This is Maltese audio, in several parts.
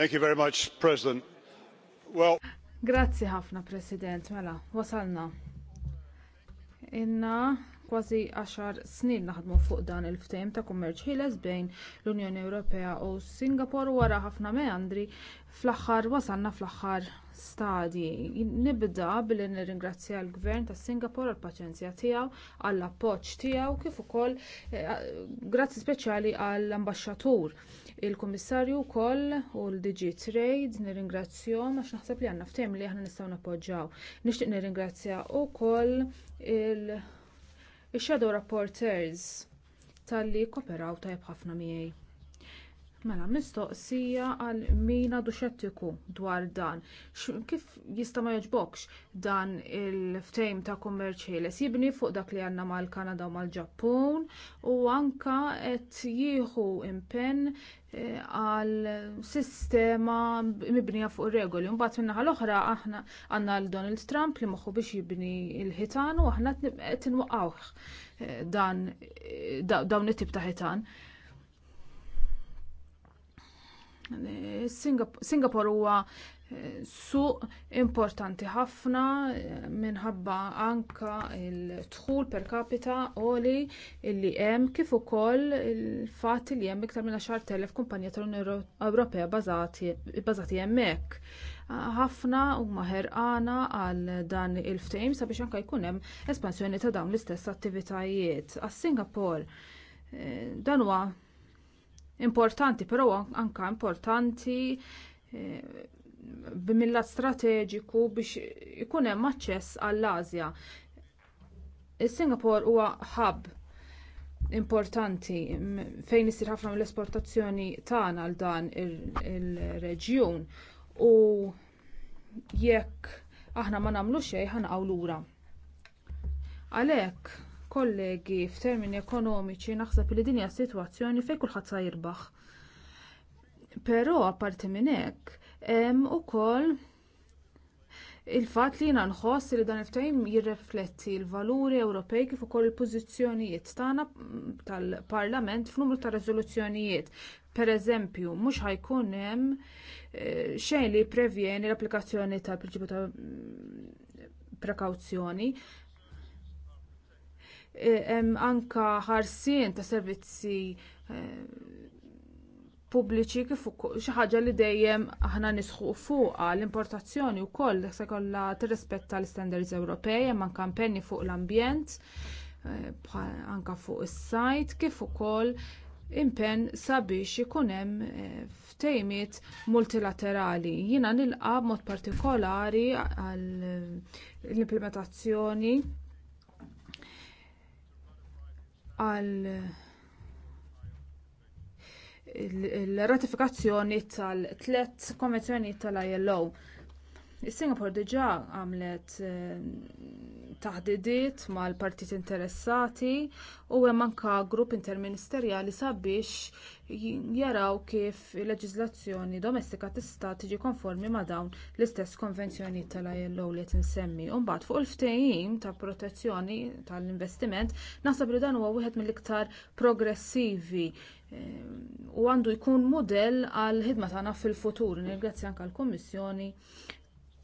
Thank you very much, President. Well... Grazzi ħafna, President. Mela, wasalna. Inna kważi għaxar snin naħdmu fuq dan il-ftehim ta' kummerċ ħieles bejn l-Unjoni Ewropea u Singapore wara ħafna meandri fl-aħħar wasalna fl-aħħar stadji. Nibda billi nirringrazzja l-Gvern tas Singapore għall-paċenzja tiegħu, għall-appoġġ tiegħu kif ukoll eh, grazzi speċjali għall-ambaxxatur il-Kummissarju wkoll u l-DG Trade nirringrazzjahom għax naħseb li għandna ftehim li aħna nistgħu nappoġġjaw. Nixtieq nirringrazzja wkoll il- ix-shadow rapporteurs talli kooperaw tajjeb ħafna miegħi. Mela, mistoqsija għal min għadu xettiku dwar dan. Kif jista ma joġbokx dan il-ftejm ta' kummerċ jibni fuq dak li għandna mal-Kanada u mal-Ġappun u anke qed jieħu impenn għal sistema mibnija fuq regoli. Mbagħad min-naħa l-oħra aħna għandna l Donald Trump li moħħu biex jibni l-ħitan u aħna qed inwaqgħuh eh, dan dawn it-tip ta' ħitan. Eh, Singapore huwa suq importanti ħafna eh, minħabba anka il-dħul per capita oli illi hemm kif ukoll il-fatt li hemm iktar minn 10,000 kumpanija tal-Unjoni Ewropea bażati hemmhekk. Ħafna huma ħerqana għal dan il-ftehim sabiex anka jkun hemm espansjoni ta' dawn l-istess attivitajiet. Għas-Singapore eh, dan huwa importanti, però anka importanti eh, bimilla strateġiku biex ikun hemm aċċess għall-Asja. Is-Singapore huwa hub importanti fejn isir ħafna mill-esportazzjoni tagħna għal dan ir-reġjun u jekk aħna ma nagħmlu xejn ħanqgħu lura. Għalhekk, kollegi, f'termini ekonomiċi naħseb li din hija sitwazzjoni fejn kulħadd sa jirbaħ. Però apparti minn hekk, u ukoll il-fatt li jiena nħoss li dan il ftajm jirrefletti l-valuri Ewropej kif ukoll il-pożizzjonijiet tagħna tal-Parlament f'numru ta' riżoluzzjonijiet. Pereżempju, mhux ħajkun hemm eh, xejn li jipprevjeni l-applikazzjoni tal-prinċipju ta' prekawzjoni. Eh, hemm anke ħarsien ta' servizzi eh, pubbliċi kif xi ħaġa li dejjem aħna nisħu fuqha l-importazzjoni wkoll se kollha tirrispetta l-standards Ewropej hemm anke kampenji fuq l-ambjent eh, anke fuq is-sajt kif ukoll impenn sabiex ikun hemm eh, ftejmiet multilaterali. Jiena nilqa b'mod partikolari għal eh, implementazzjoni għal l-ratifikazzjoni tal-tlet konvenzjoni tal-ILO Is-Singapore diġà għamlet eh, taħdidiet mal-partit interessati u hemm anke grupp interministerjali sabiex jaraw kif il-leġiżlazzjoni domestika tista' tiġi konformi ma' dawn l-istess konvenzjonijiet tal-ILO li qed insemmi. U mbagħad fuq il-ftehim ta' protezzjoni tal-investiment naħseb li dan huwa wieħed mill-iktar progressivi eh, u għandu jkun mudell għal ħidma tagħna fil-futur. Nirgrazzja anke l-Kummissjoni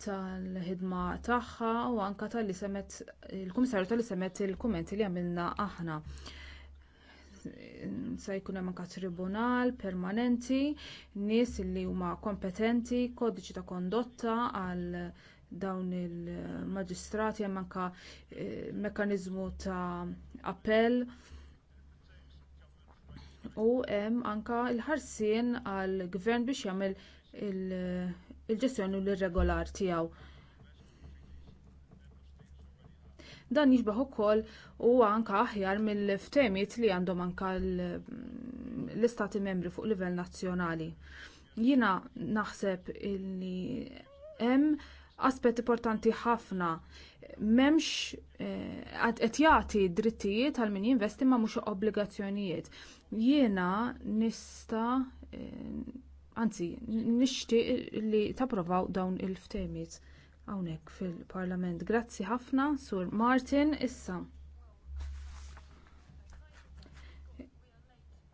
tal-ħidma tagħha u anke tal-li semet il-Kummissarju tal-li semet il-kummenti li għamilna aħna. Se jkun hemm anke tribunal permanenti, nies li huma kompetenti, kodiċi ta' kondotta għal dawn il-maġistrati hemm anke eh, mekkaniżmu ta' appell u hemm anke l ħarsien għall gvern biex jagħmel il- il-ġestjoni l-irregolar tiegħu. Dan jixbaħ ukoll huwa anke aħjar mill-ftemiet li għandhom anke l-istati membri fuq livell nazzjonali. Jiena naħseb li hemm aspett importanti ħafna memx eh, qed jagħti drittijiet għal min jinvesti ma mhux obbligazzjonijiet. Jiena nista' eh, anzi, nixtieq li tapprovaw dawn il-ftemiet hawnhekk fil-Parlament. Grazzi ħafna, Sur Martin, issa.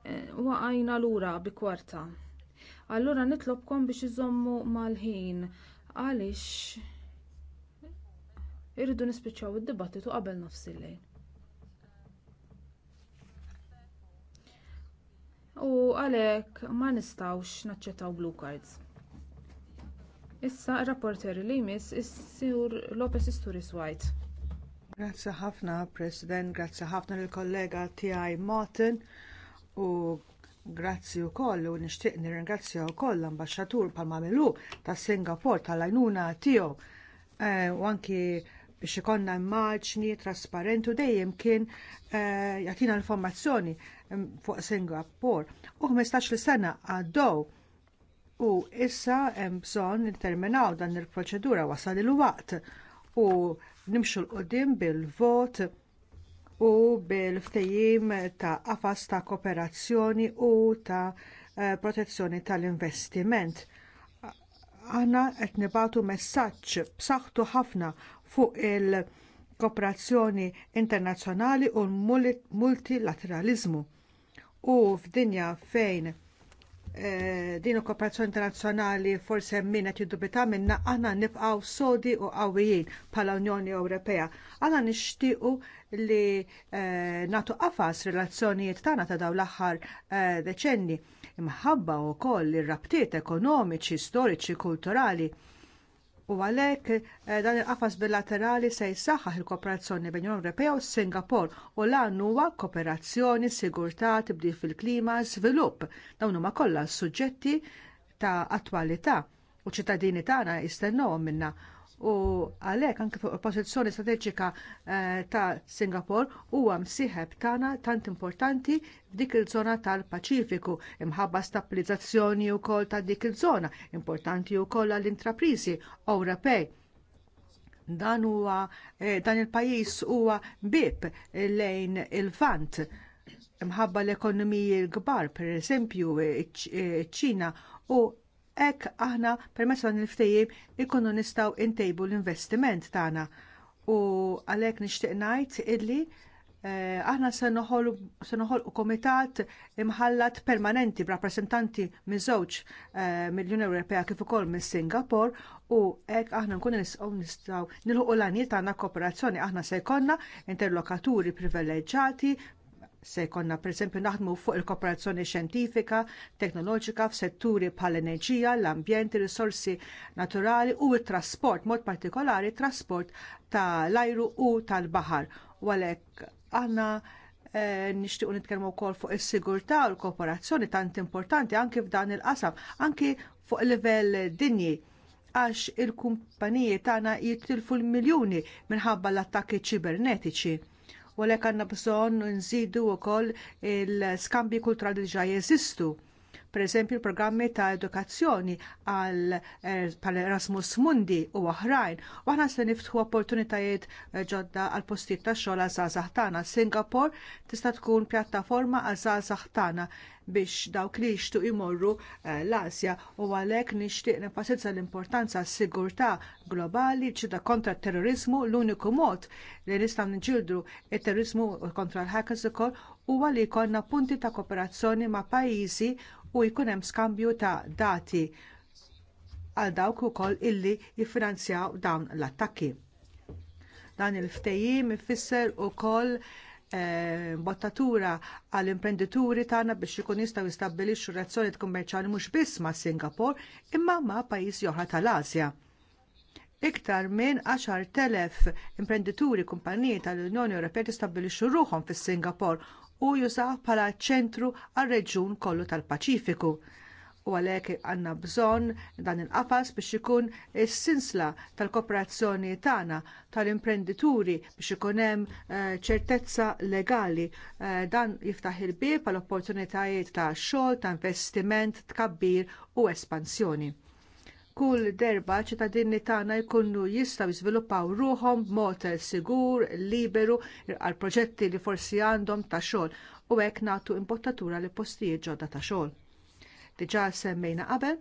Eh, waqajna lura bi kwarta. Allura nitlobkom biex iżommu mal-ħin għaliex irridu nispiċċaw id-dibattitu qabel nofs il-lejl. u għalek ma nistgħux naċċettaw blue cards. Issa r-rapporter li jmiss is-Sur Lopez Isturis White. Grazzi ħafna President, grazzi ħafna lill kollega tiegħi Martin u Grazzi wkoll u nixtieq nirringrazzja wkoll l-ambasċatur pal-Mamilu ta' Singapore tal ajnuna tiegħu eh, u anki biex ikonna immaġni trasparenti u dejjem kien uh, eh, jatina informazzjoni mm, fuq Singapore. U 15 sena għaddow u issa hemm bżonn terminaw dan il-proċedura wasal il-waqt u nimxu l-qoddim bil-vot u bil-ftejim ta' qafas ta' kooperazzjoni u ta' eh, protezzjoni tal-investiment aħna qed nibatu messaġġ b'saħħtu ħafna fuq il-kooperazzjoni internazzjonali u l-multilateralizmu. U f'dinja fejn eh, din u kooperazzjoni internazzjonali forse min qed jiddubita minna aħna nibqgħu sodi u qawwijin bħala Unjoni Ewropea. Aħna nixtiequ li eh, natu qafas relazzjonijiet tagħna ta' dawn l-aħħar eh, deċenni imħabba wkoll ir-rabtiet ekonomiċi, storiċi, kulturali U għalhekk eh, dan il-qafas bilaterali se jsaħħaħ il-kooperazzjoni bejn l-Unjoni Ewropea u Singapore u lan huwa kooperazzjoni, sigurtà, tibdil fil-klima, svilupp. Dawn huma kollha suġġetti ta' attwalità u ċittadini tagħna jistennewhom minnha u għalhekk anke fuq il-pożizzjoni strateġika eh, ta' Singapore huwa msieħeb tagħna tant importanti f'dik il-żona tal-Paċifiku imħabba stabilizzazzjoni wkoll ta' dik il-żona importanti wkoll għall-intrapriżi Ewropej. Dan huwa eh, dan il-pajjiż huwa bib lejn il-vant imħabba l-ekonomiji l-kbar, pereżempju ċ-Ċina eh, u Ek aħna permezz għan il ikunu nistgħu ntejbu l-investiment tagħna. U għalhekk nixtieq ngħid illi eh, aħna se noħolqu komitat imħallat permanenti b'rappresentanti miż-żewġ eh, mill-Unjoni Ewropea kif ukoll mis singapur u hekk aħna nkunu nisqgħu nistgħu nilħuqu l-għanijiet tagħna kooperazzjoni aħna se jkollna interlokaturi privileġġjati se jkollna pereżempju naħdmu fuq il-kooperazzjoni xjentifika, teknoloġika f'setturi bħall enerġija l-ambjent, ir-risorsi naturali u t-trasport, mod partikolari t trasport tal-ajru u tal-baħar. U għalhekk aħna eh, nixtiequ nitkellmu wkoll fuq is-sigurtà u l-kooperazzjoni tant importanti anke f'dan il-qasam, anke fuq livell dinji għax il-kumpaniji tagħna jittilfu l-miljuni minħabba l-attakki ċibernetiċi u għalhekk għandna bżonn nżidu wkoll il-skambi kulturali li ġaj jeżistu. Pereżempju l-programmi ta' edukazzjoni għal eh, pal Erasmus Mundi u oħrajn. U aħna se niftħu opportunitajiet eh, ġodda għal postijiet ta' xogħol għal tagħna. Singapore tista' tkun pjattaforma għal żgħażagħ biex dawk li jixtu imorru eh, l-Asja u għalhekk nixtieq nipasizza l-importanza s-sigurtà globali ċida kontra t terrorizmu l-uniku mod li nistgħu niġġieldu t terrorizmu kontra l-hackers ukoll huwa li jkollna punti ta' kooperazzjoni ma' pajjiżi u jkun hemm skambju ta' dati għal dawk ukoll illi jiffinanzjaw dawn l-attakki. Dan il-ftejim ifisser ukoll Eh, bottatura għall imprendituri tagħna biex ikun jistgħu jistabbilixxu relazzjonijiet kummerċjali mhux biss ma' Singapore imma ma' pajjiżi oħra tal-Asja. Iktar minn 10,000 imprendituri kumpaniji tal-Unjoni Ewropea tistabbilixxu ruħhom fis-Singapore u jużaw bħala ċentru għar reġjun kollu tal-Paċifiku u għalhekk għandna bżonn dan il-qafas biex ikun is-sinsla tal-kooperazzjoni tagħna tal-imprendituri biex ikun hemm eh, ċertezza legali eh, dan jiftaħ il-bieb għal opportunitajiet ta' xogħol, ta' investiment, tkabbir u espansjoni. Kull derba ċittadini tagħna jkunu jistgħu jiżviluppaw ruhom b'mod sigur, liberu għal proġetti li forsi għandhom ta' xogħol u hekk nagħtu impottatura li postijiet ġodda ta' xogħol diġà semmejna qabel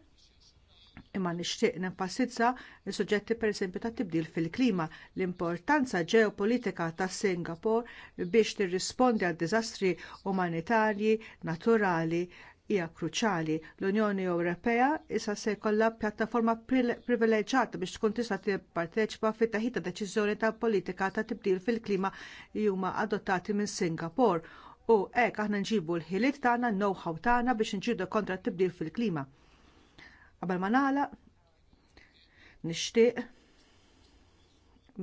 imma nixtieq nenfasizza is-suġġetti pereżempju tat tibdil fil-klima, l-importanza ġeopolitika tas Singapore biex tirrispondi għad diżastri umanitarji naturali hija kruċjali. L-Unjoni Ewropea issa se jkollha pjattaforma privileġġjata biex tkun tista' tipparteċipa fit-taħita deċiżjoni ta' politika ta' tibdil fil-klima li huma adottati minn Singapore u hekk aħna nġibu l-ħiliet tagħna, know-how tagħna biex nġibu kontra t-tibdil fil-klima. Qabel ma nagħlaq nixtieq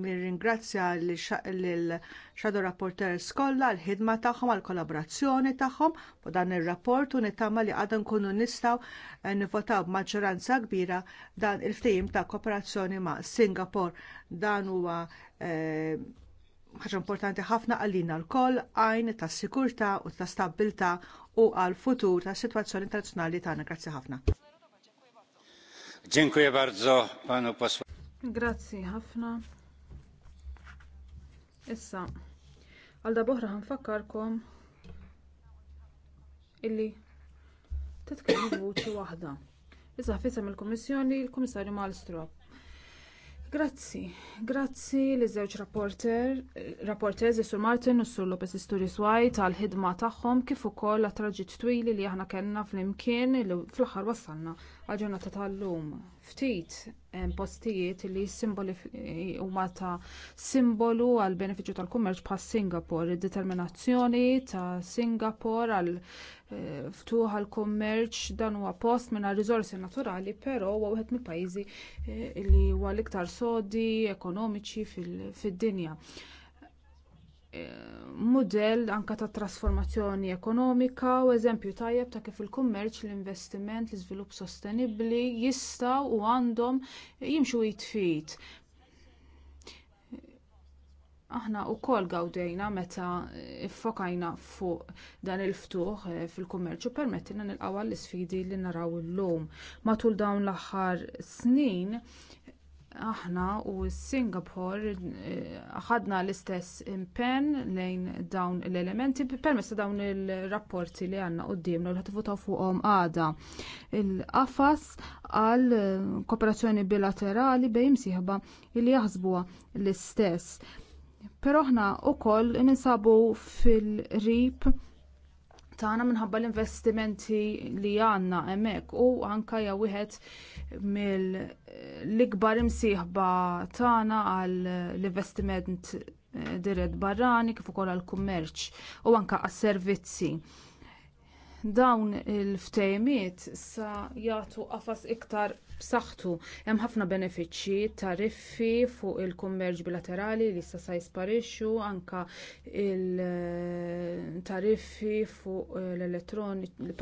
nirringrazzja l-Shadow Rapporteurs kollha l-ħidma tagħhom għall kollaborazzjoni tagħhom u dan ir-rapport u nittama li għadha nkunu nistgħu eh, nivotaw b'maġġoranza kbira dan il-ftehim ta' kooperazzjoni ma' Singapore. Dan huwa eh, ħaġa importanti ħafna għalina lkoll għajn tas sikurtà u ta' stabilta u għall futur tas sitwazzjoni internazzjonali tagħna. Grazzi ħafna. Dziękuję bardzo panu posłowi. Grazzi ħafna. Issa, għalda boħra ħanfakkarkom illi titkellmu b'vuċi waħda. Issa fisem il-Kummissjoni il-Kummissarju Malmström. Grazzi, grazzi li żewġ rapporter, rapporters Sur Martin u Sur Lopez Isturis White għal ħidma tagħhom kif ukoll għat traġit twili li aħna kellna flimkien li fl-aħħar wassalna għal-ġurnata tal-lum. Ftit postijiet li simboli huma ta' simbolu għal benefiċċju tal-kummerċ bħal Singapore, id-determinazzjoni ta' Singapore għal eh, ftuħ għal kummerċ dan huwa post minn r-rizorsi naturali, però huwa wieħed mill-pajjiżi eh, li huwa l-iktar sodi ekonomiċi fid-dinja. dinja mudell anke ta' trasformazzjoni ekonomika u eżempju tajjeb ta' kif il-kummerċ, l-investiment, l-iżvilupp sostenibbli jistgħu u għandhom jimxu jitfit. Aħna wkoll gawdejna meta ffokajna fuq dan il-ftuħ eh, fil-kummerċ u permettina nilqgħu għall isfidi li naraw illum. Matul dawn l-aħħar snin aħna u Singapore eh, ħadna l-istess impenn lejn dawn l-elementi permessa dawn il-rapporti li għanna qoddimna u li ħatifutaw fuqhom għada. Il-qafas għal eh, kooperazzjoni bilaterali bejn imsieħba li jaħsbuha l-istess. Però aħna wkoll ninsabu fil-rib tagħna minħabba l-investimenti li għandna hemmhekk u anke ja wieħed mill-ikbar imsieħba tagħna għal l-investiment dirett barrani kif ukoll għall kummerċ u anke għas-servizzi dawn il-ftejmiet sa jagħtu qafas iktar b'saħħtu. Hemm ħafna benefiċċji tariffi fuq il-kummerġ bilaterali li issa sa jisparixxu anke il-tariffi fuq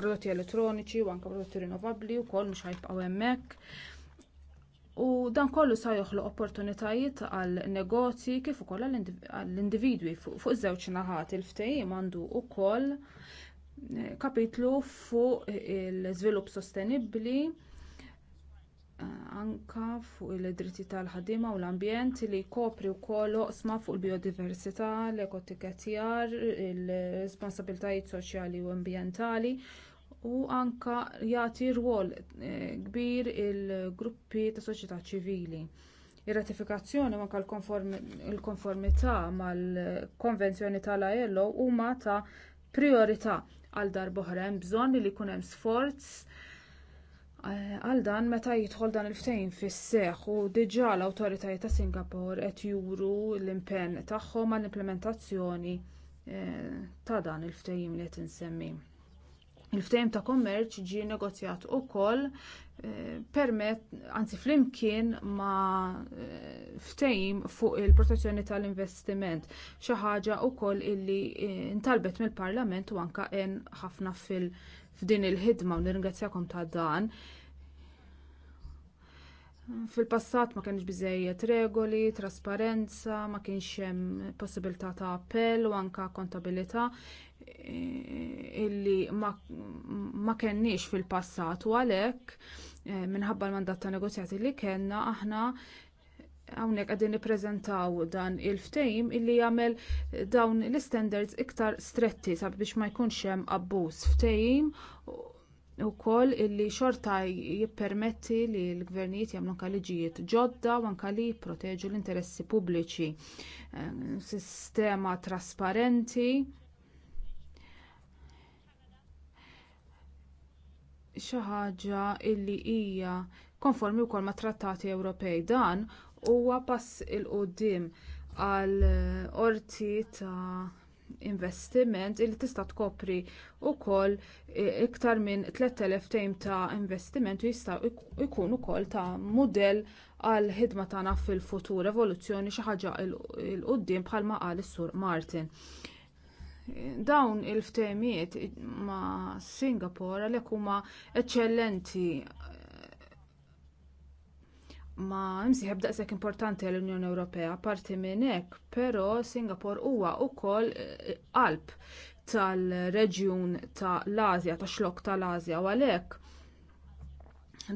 prodotti elettroniċi u anke prodotti rinnovabbli wkoll mhux ħajbqgħu hemmhekk. U dan kollu sa joħloq opportunitajiet għal negozji kif ukoll għall individwi fuq iż-żewġ naħat il-ftehim għandu wkoll kapitlu fuq il-żvilupp sostenibbli eh, anke fuq id-dritti tal-ħaddiema u l-ambjent li jkopri wkoll oqsma fuq il-biodiversità, l-ekotikettjar, il-responsabbiltajiet soċjali u ambjentali u anke jagħti rwol eh, kbir il-gruppi ta' soċjetà ċivili. Ir-ratifikazzjoni ma' l-konformità mal-Konvenzjoni tal-ILO e huma ta' priorità għal darb'oħra hemm bżonn li jkun hemm sforz eh, għal dan meta jidħol dan il-ftehim fis-seħħ u diġà l-awtoritajiet ta' Singapore qed juru l-impenn tagħhom għall-implementazzjoni eh, ta' dan il-ftehim li qed insemmi. Il-ftehim ta' kommerċ ġie negozjat ukoll eh, permet, anzi flimkien ma eh, ftehim fuq il-protezzjoni tal-investiment. Xi ħaġa wkoll illi eh, ntalbet mill-Parlament u anke en ħafna f'din il-ħidma u nirringrazzjakom ta' dan. Fil-passat ma kienx biżejjed regoli, trasparenza, ma kienx hemm possibilità ta' appell u anke kontabilità illi ma kenniex fil-passat u għalhekk eh, minħabba l-mandat ta' negozjati li kellna aħna hawnhekk qegħdin nippreżentaw dan il-ftehim illi jagħmel dawn l-standards iktar stretti sabiex ma jkunx hemm abbuż ftehim ukoll illi xorta jippermetti li l-gvernijiet jagħmlu kalliġijiet ġodda u anke li jipproteġu l-interessi pubbliċi. Eh, sistema trasparenti xi ħaġa li hija konformi wkoll mat trattati Ewropej. Dan huwa pass il qudiem għal qorti ta' investiment li tista' tkopri wkoll e, iktar minn 3000 tejm ta' investiment u jista' jkun ukoll ta' mudell għal ħidma tagħna fil-futur evoluzzjoni xi ħaġa il qudiem bħalma qal is-Sur Martin dawn il-ftemiet ma' Singapore għalhekk huma eċċellenti ma msieħeb daqshekk importanti għall unjoni Ewropea parti minn hekk, però Singapore huwa wkoll eh, qalb tal-reġjun tal-Asja, tax xlok tal-Asja u għalhekk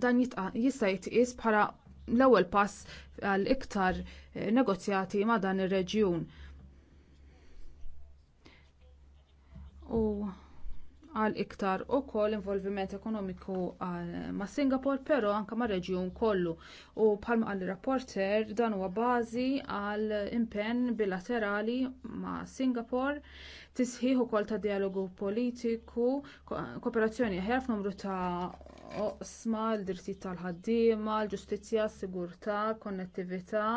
dan jista' jitqies bħala l-ewwel pass għal iktar eh, negozjati ma' dan ir-reġjun. u għal iktar koll involviment ekonomiku ma Singapore, però anke mar reġjun kollu. U bħalma għal rapporter dan huwa bażi għal impenn bilaterali ma' Singapore, tisħiħ ukoll ta' dialogu politiku, kooperazzjoni ħjar f'numru ta' osma, l-drittijiet tal-ħaddiema, l-ġustizzja, s-sigurtà, konnettività,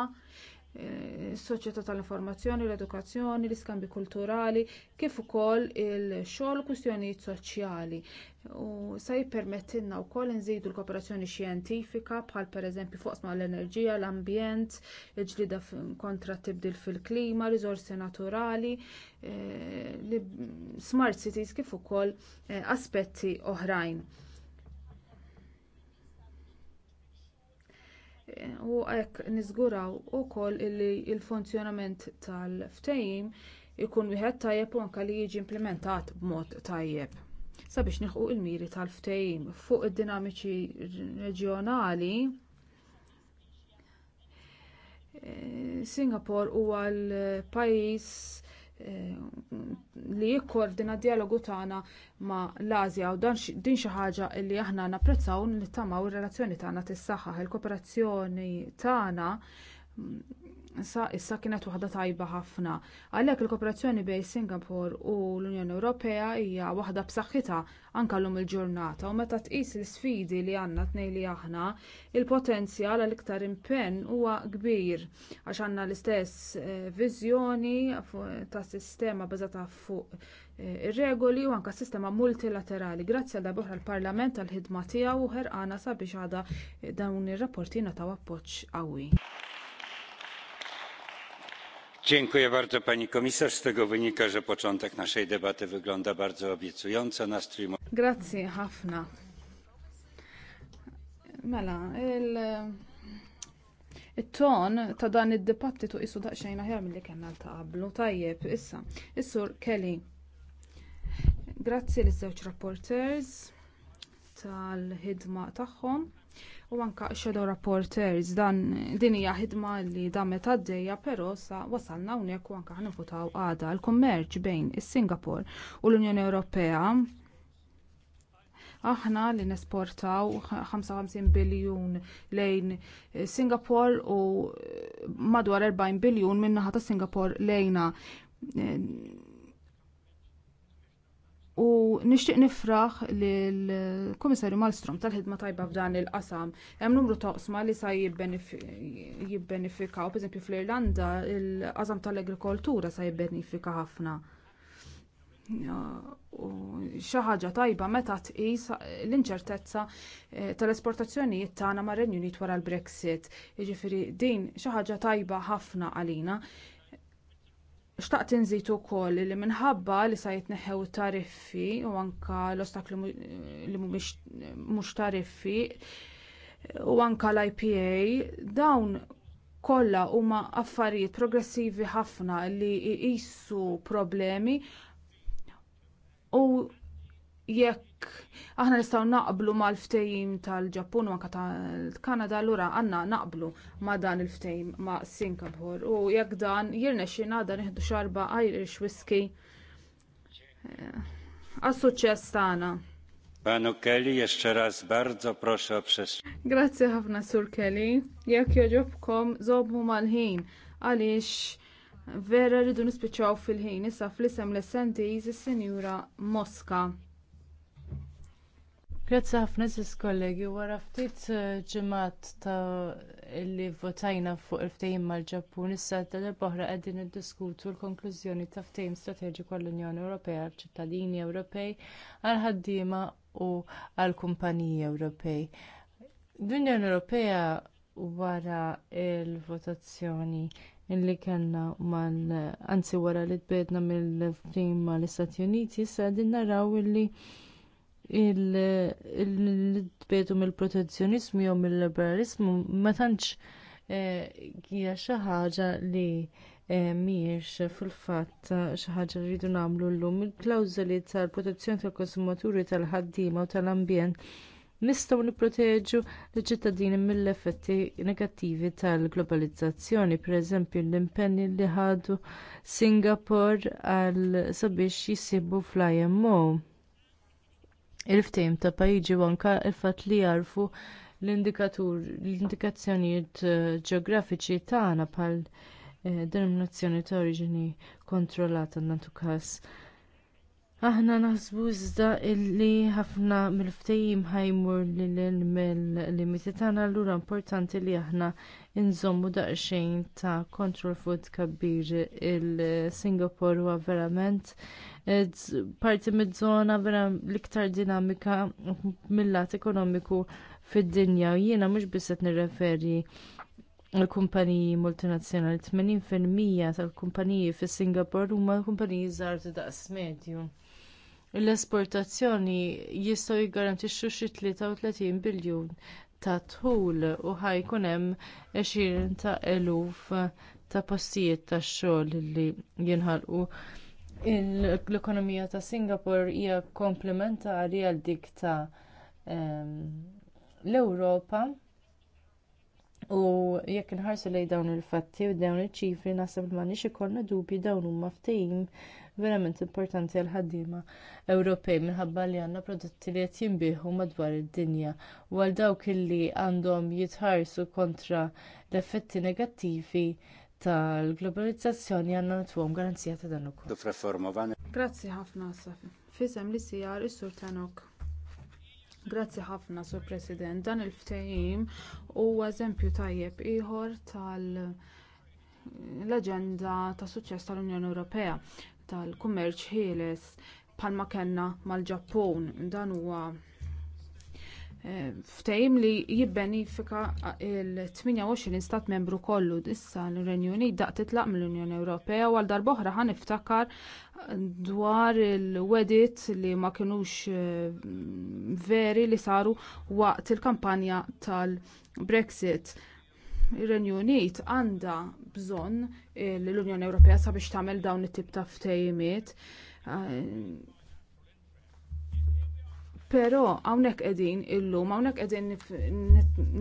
Eh, soċjetà tal-informazzjoni, l-edukazzjoni, l-iskambi kulturali, kif ukoll il-xogħol kwistjonijiet soċjali. U se jippermettilna wkoll inżidu l-kooperazzjoni xjentifika bħal pereżempju fuq l-enerġija, l-ambjent, il-ġlida kontra tibdil fil-klima, riżorsi naturali, eh, smart cities kif ukoll eh, aspetti oħrajn u nizguraw niżguraw ukoll li l-funzjonament tal-ftehim ikun wieħed tajjeb u anka li jiġi implementat b'mod tajjeb sabiex nieħu l miri tal-ftehim fuq id-dinamiċi reġjonali eh, Singapore huwa l-pajjiż Eh, li jikkoordina dialogu tagħna ma' l azja u dan din xi ħaġa li aħna napprezzaw nittamaw ir-relazzjoni tagħna tis tis-saħħa il-kooperazzjoni tagħna Sa issa kienet waħda tajba ħafna. Għalhekk il-kooperazzjoni bejn Singapore u l-Unjoni Ewropea hija waħda b'saħħitha anke llum il-ġurnata u meta tqis l-isfidi li għandna tnejli aħna, il-potenzjal għal iktar impenn huwa kbir għax għandna l-istess eh, viżjoni ta' sistema bażata fuq eh, ir-regoli u anke sistema multilaterali. Grazzi għal boħra l-Parlament għal ħidma tiegħu u ħerqana sabiex għada eh, dawn ir-rapporti ta' appoġġ qawwi. Dziękuję bardzo pani komisarz. Z tego wynika, że początek naszej debaty wygląda bardzo obiecująco. Nastrój... Grazie, Hafna. Mela, il... Il-ton ta' dan id-dibattitu isu daqsxejn aħjar milli kellna ta' qablu tajjeb issa. Is-sur Kelly. Grazzi l żewġ rapporters tal-ħidma tagħhom u anka shadow rapporteurs dan din hija ħidma li damet għaddejja però sa wasalna hawnhekk u anke ħanifutaw għada l-kummerċ bejn is singapur u l-Unjoni Ewropea aħna li nesportaw 55 biljun lejn Singapur u madwar 40 biljun minnaħa naħa ta' Singapur lejna U nixtieq nifraħ lill-Kummissarju Malstrom tal-ħidma tajba f'dan il-qasam. Hemm numru toqsma li sa jibbenefikaw, pereżempju fl-Irlanda il-qasam tal-agrikoltura sa jibbenefika ħafna. U xi ħaġa tajba meta tqis l-inċertezza eh, tal-esportazzjonijiet tagħna mar-Renju Unit wara l-Brexit. Jiġifieri din xi ħaġa tajba ħafna għalina. Xtaqt inżid ukoll li minħabba li sa jitneħħew tariffi u anka l-ostaklu li mhux tariffi u anka l-IPA dawn kollha huma affarijiet progressivi ħafna li jqisu problemi u jekk aħna nistgħu naqblu mal-ftehim tal-Ġappun u anke tal-Kanada allura għandna naqblu ma' dan il-ftehim ma' Singapore u jekk dan jirnexxina dan iħdu xarba Irish whisky eh, għas-suċċess tagħna. Panu Kelly, jeszcze raz bardzo proszę o przestrzeń. Grazie ħafna Sur Kelly. Jekk joġobkom żobmu mal-ħin għaliex vera rridu nispiċċaw fil-ħin issa fl-isem l-essentiż senjura Moska. Grazzi ħafna sis kollegi, wara ftit eh, ġimgħat ta' li votajna fuq il-ftehim mal-Ġappun, issa tal-boħra qegħdin niddiskutu l-konklużjoni ta' ftehim strateġiku għall-Unjoni Ewropea għall-ċittadini Ewropej għall-ħaddiema u għall-kumpaniji Ewropej. L-Unjoni Ewropea wara l votazzjoni illi kellna mal anzi wara li tbedna mill ftejim mal istati Uniti issa din naraw illi il-tbetu mill-protezzjonizmu jew mill-liberalizmu ma tantx eh, hija xi ħaġa li eh, mhijiex fil-fatt xi ħaġa li rridu nagħmlu llum. Il-klawżoli tal-protezzjoni tal-konsumaturi tal-ħaddiema u tal-ambjent nistgħu nipproteġu l-ċittadini mill-effetti negattivi tal-globalizzazzjoni, pereżempju l-impenni li ħadu Singapore għal sabiex jisibu fl-IMO il-ftejm ta' pajjiġi u anke l fatt li jarfu l-indikatur, l-indikazzjonijiet eh, ġeografiċi tagħna bħal eh, denominazzjoni ta' oriġini kontrollata natu każ Aħna naħsbu iżda illi ħafna mill ftehim ħajmur lil mill-limiti tagħna allura importanti li aħna nżommu daqsxejn ta' kontrol fuq kabbir il-Singapore huwa verament eh, parti mid-żona vera l-iktar dinamika mill-lat ekonomiku fid-dinja u jiena mhux biss qed nirreferi l-kumpaniji multinazzjonali 80% tal-kumpaniji fis-Singapore huma kumpaniji żgħar ta' daqs medju l-esportazzjoni jistgħu jiggarantixxu xi 33 biljun ta' dħul u ħajkun hemm għexieren ta' eluf ta' postijiet tax xogħol li jinħalqu l-ekonomija ta' Singapore hija komplementari għal dik ta' l-Ewropa u jekk inħarsu lejn dawn il-fatti u dawn iċ-ċifri naħseb li m'għandniex ikollna dubji dawn huma ftehim verament importanti għal ħaddiema Ewropej minħabba li għandna prodotti li qed jinbieħu madwar id-dinja u għal dawk illi għandhom jitħarsu kontra l-effetti negattivi tal-globalizzazzjoni għandna nitwom garanzija ta' dan ukoll. Grazzi ħafna Safi. Fisem li sijar is-sur Tanok. Grazzi ħafna, Sur President. Dan il-ftehim huwa eżempju tajjeb ieħor tal- l-aġenda ta' suċċess tal-Unjoni Ewropea tal-kummerċ ħieles bħalma kellna mal-Ġappun dan huwa eh, ftehim li jibbenifika il-28 stat membru kollu issa l-Renju Unit daqt titlaq mill-Unjoni Ewropea u għal darboħra ħan iftakar dwar il-wedit li ma kinux eh, veri li saru waqt il-kampanja tal-Brexit ir-Renju Unit għandha bżonn eh, l-Unjoni Ewropea sabiex tagħmel dawn it-tip ta' ftejmiet. Eh, però hawnhekk qegħdin illum, hawnhekk qegħdin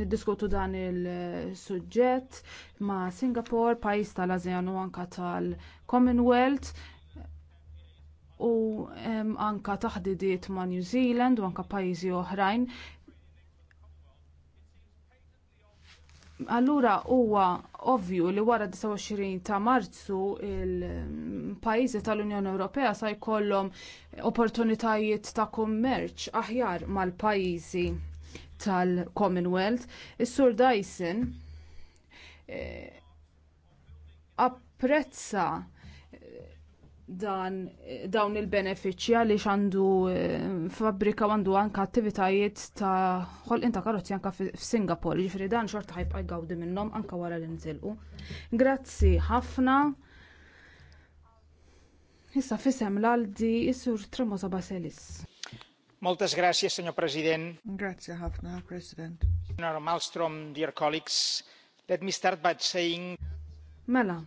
niddiskutu dan il-suġġett ma' Singapore, pajjiż tal-ASEAN u anka tal-Commonwealth u anka taħdidiet ma' New Zealand u anka pajjiżi oħrajn Allura huwa ovvju li wara 29 ta' Marzu il-pajjiżi tal-Unjoni Ewropea sa jkollhom opportunitajiet ta' kummerċ aħjar mal-pajjiżi tal-Commonwealth. Is-Sur Dyson eh, apprezza dan dawn il-benefiċċja li xandu eh, fabbrika għandu anka attivitajiet ta' ħolqin ta' karozzi anka f'Singapore, ġifri dan xorta ħajbqa jgawdi minnhom anka wara li nżilqu. Grazzi ħafna. Issa fisem l-aldi issur Tremosa Baselis. Moltes grazie, signor President. Grazie ħafna, President. Signor Malmstrom, dear colleagues, let me start by saying... Mela.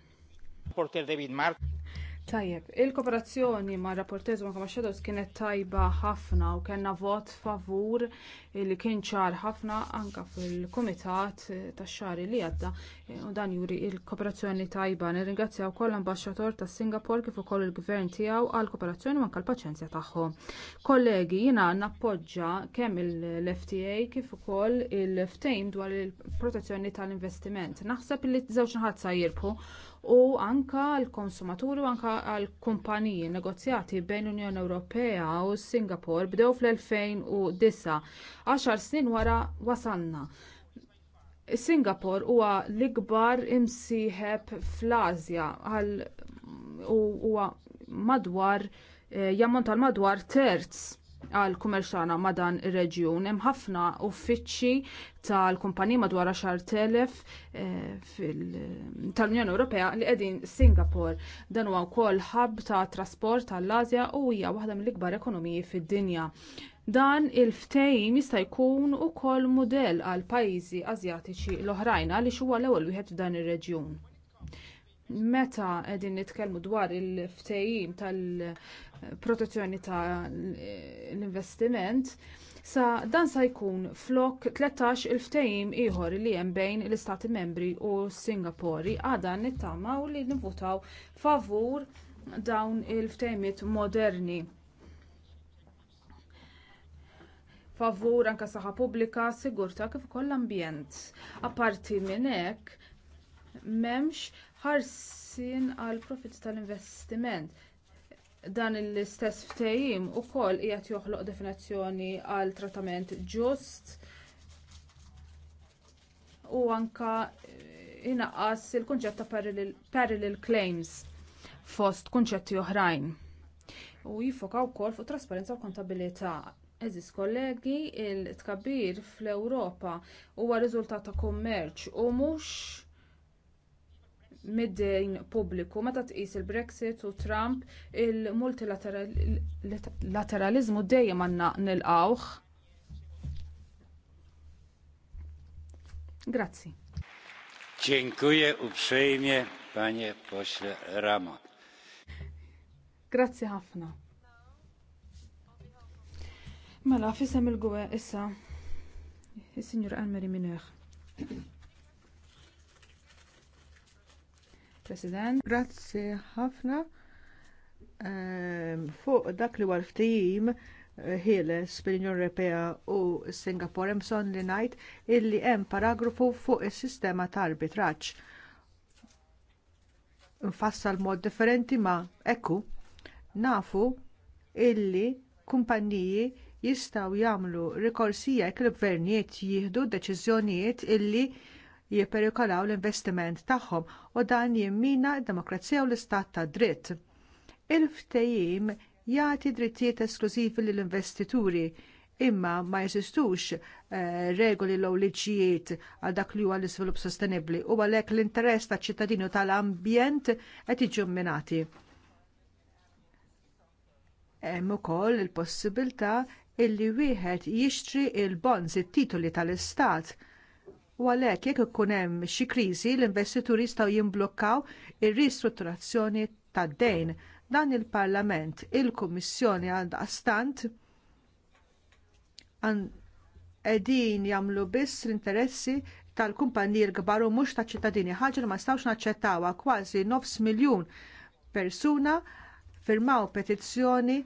Porter David Martin. Tajjeb, il-kooperazzjoni ma' rapportez ma' kamaxedos kienet tajba ħafna u kena vot favur li kien ċar ħafna anka fil-komitat ta' xari li għadda u dan juri l kooperazzjoni tajba. Nirringrazzja wkoll l-ambasċator ta' Singapore kif ukoll il-gvern tiegħu għall kooperazzjoni u anke l-paċenzja tagħhom. Kollegi, jiena nappoġġa kemm il-FTA kif ukoll il-ftejm dwar il-protezzjoni tal-investiment. Naħseb li żewġ naħat sa u anke l-konsumaturi u anke l-kumpaniji negozjati bejn l-Unjoni Ewropea u Singapore bdew fl-2009 10 snin wara wasalna. Singapore huwa l-ikbar imsieħeb fl-Asja għal huwa madwar eh, jammont għal madwar terz għal kummerċana ma' dan ir-reġjun. Hemm ħafna uffiċċji tal-kumpaniji madwar 10,000 eh, tal-Unjoni Ewropea li qegħdin Singapore. Dan huwa wkoll ħabb ta' trasport għall asja u hija waħda mill-ikbar ekonomiji fid-dinja. Dan il-ftejm jista' jkun ukoll mudell għal pajjiżi Asjatiċi l-oħrajn għaliex huwa l-ewwel wieħed f'dan ir-reġjun. Meta qegħdin nitkellmu dwar il-ftejim tal-protezzjoni tal-investiment, sa dan sa jkun flok 13 il-ftejim ieħor li hemm bejn l-Istati Membri u Singapori għadha nittamaw li nivvutaw favur dawn il-ftejmiet moderni favur anka saħa pubblika, sigurtà kif ukoll l-ambjent. Apparti minn hekk m'hemmx ħarsien għal profitt tal-investiment. Dan l-istess ftehim ukoll qiegħed joħloq definizzjoni għal trattament ġust u anke inaqqas il-kunċett ta' parallel claims fost kunċetti oħrajn. U jiffokaw wkoll fuq trasparenza u kontabilità Eżis kollegi, il-tkabbir fl-Ewropa huwa riżultat ta' kommerċ u mhux mid pubbliku. Meta tqis il-Brexit u Trump, il-multilateralizmu dejjem għandna nilqawh. Grazzi. Dziękuję uprzejmie, panie pośle Ramo. Grazzi ħafna. Mela, fissem il-gwe issa. Il-Signor Almeri Minneħ. President. Grazzi ħafna. Ehm, fuq dak li warftijim eh, ħieles bil-Unjoni Repea u Singapore hemm li ngħid illi hemm paragrafu fuq is-sistema tal arbitraġġ. Nfassal mod differenti ma' ekku nafu illi kumpanniji jistgħu jagħmlu rikorsija jekk il-gvernijiet jieħdu deċiżjonijiet illi jipperikolaw l-investiment tagħhom u dan jimmina d-demokrazija u l-istat ta' dritt. Il-ftehim jagħti drittijiet esklużivi lill investituri imma ma jeżistux eh, regoli l liġijiet għal dak li huwa l-iżvilupp sostenibbli u għalhekk l-interess taċ ċittadinu tal-ambjent qed jiġu minati. Hemm ukoll il-possibilità illi wieħed jixtri l bonds it-titoli tal-istat u għalhekk jekk ikun hemm xi kriżi l-investituri jistgħu jimblukkaw ir-ristrutturazzjoni tad-dejn. Dan il-Parlament, il-Kummissjoni stant qegħdin jagħmlu biss l-interessi tal-kumpaniji l-kbar u mhux taċ ċittadini ħaġa li ma stawx naċċettawha kważi nofs miljun persuna firmaw petizzjoni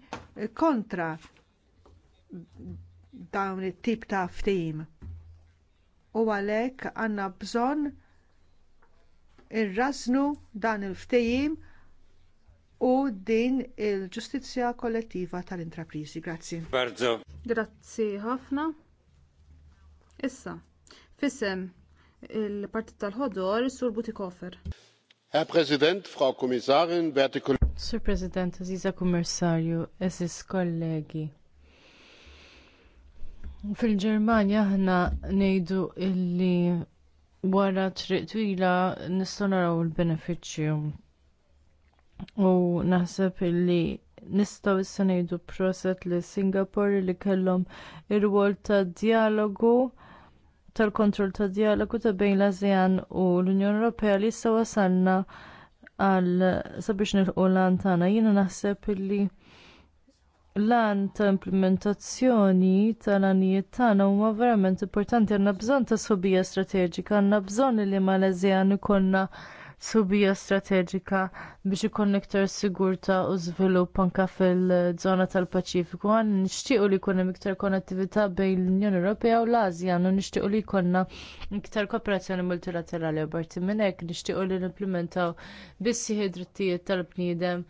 kontra dawn it-tip ta' ftehim. U għalhekk għandna bżonn irrasnu dan il-ftehim u din il-ġustizzja kollettiva tal-intrapriżi. Grazzi. Bardzo. Grazzi ħafna. Issa, fissem il-Partit tal-ħodor, Sur Butikofer. Herr Präsident, Frau Kommissarin, werte Kollegen. Sur President, Aziza Kommissarju, eżis kollegi. Fil-Ġermanja aħna ngħidu illi wara triq twila nistgħu naraw il-benefiċċju. U naħseb illi nistgħu issa ngħidu proset li Singapore li kellhom ir-rwol ta' dialogu tal-kontroll ta' dialogu ta' bejn l-ASEAN u l-Unjoni Ewropea li issa wasalna għal sabiex nilqu l-antana. Jiena naħseb illi l l-għan ta' implementazzjoni tal-għanijiet tagħna huwa verament importanti għandna bżonn ta' subija strateġika, għandna bżonn li mal-Eżjan ikollna subija strateġika biex ikun iktar sigurtà u żvilupp anke fil-żona tal-Paċifiku. Għan nixtiequ li jkun hemm iktar konnettività bejn l-Unjoni Ewropea u l asja u nixtiequ li jkollna iktar kooperazzjoni multilaterali u barti minn hekk nixtiequ li nimplementaw biss drittijiet tal-bniedem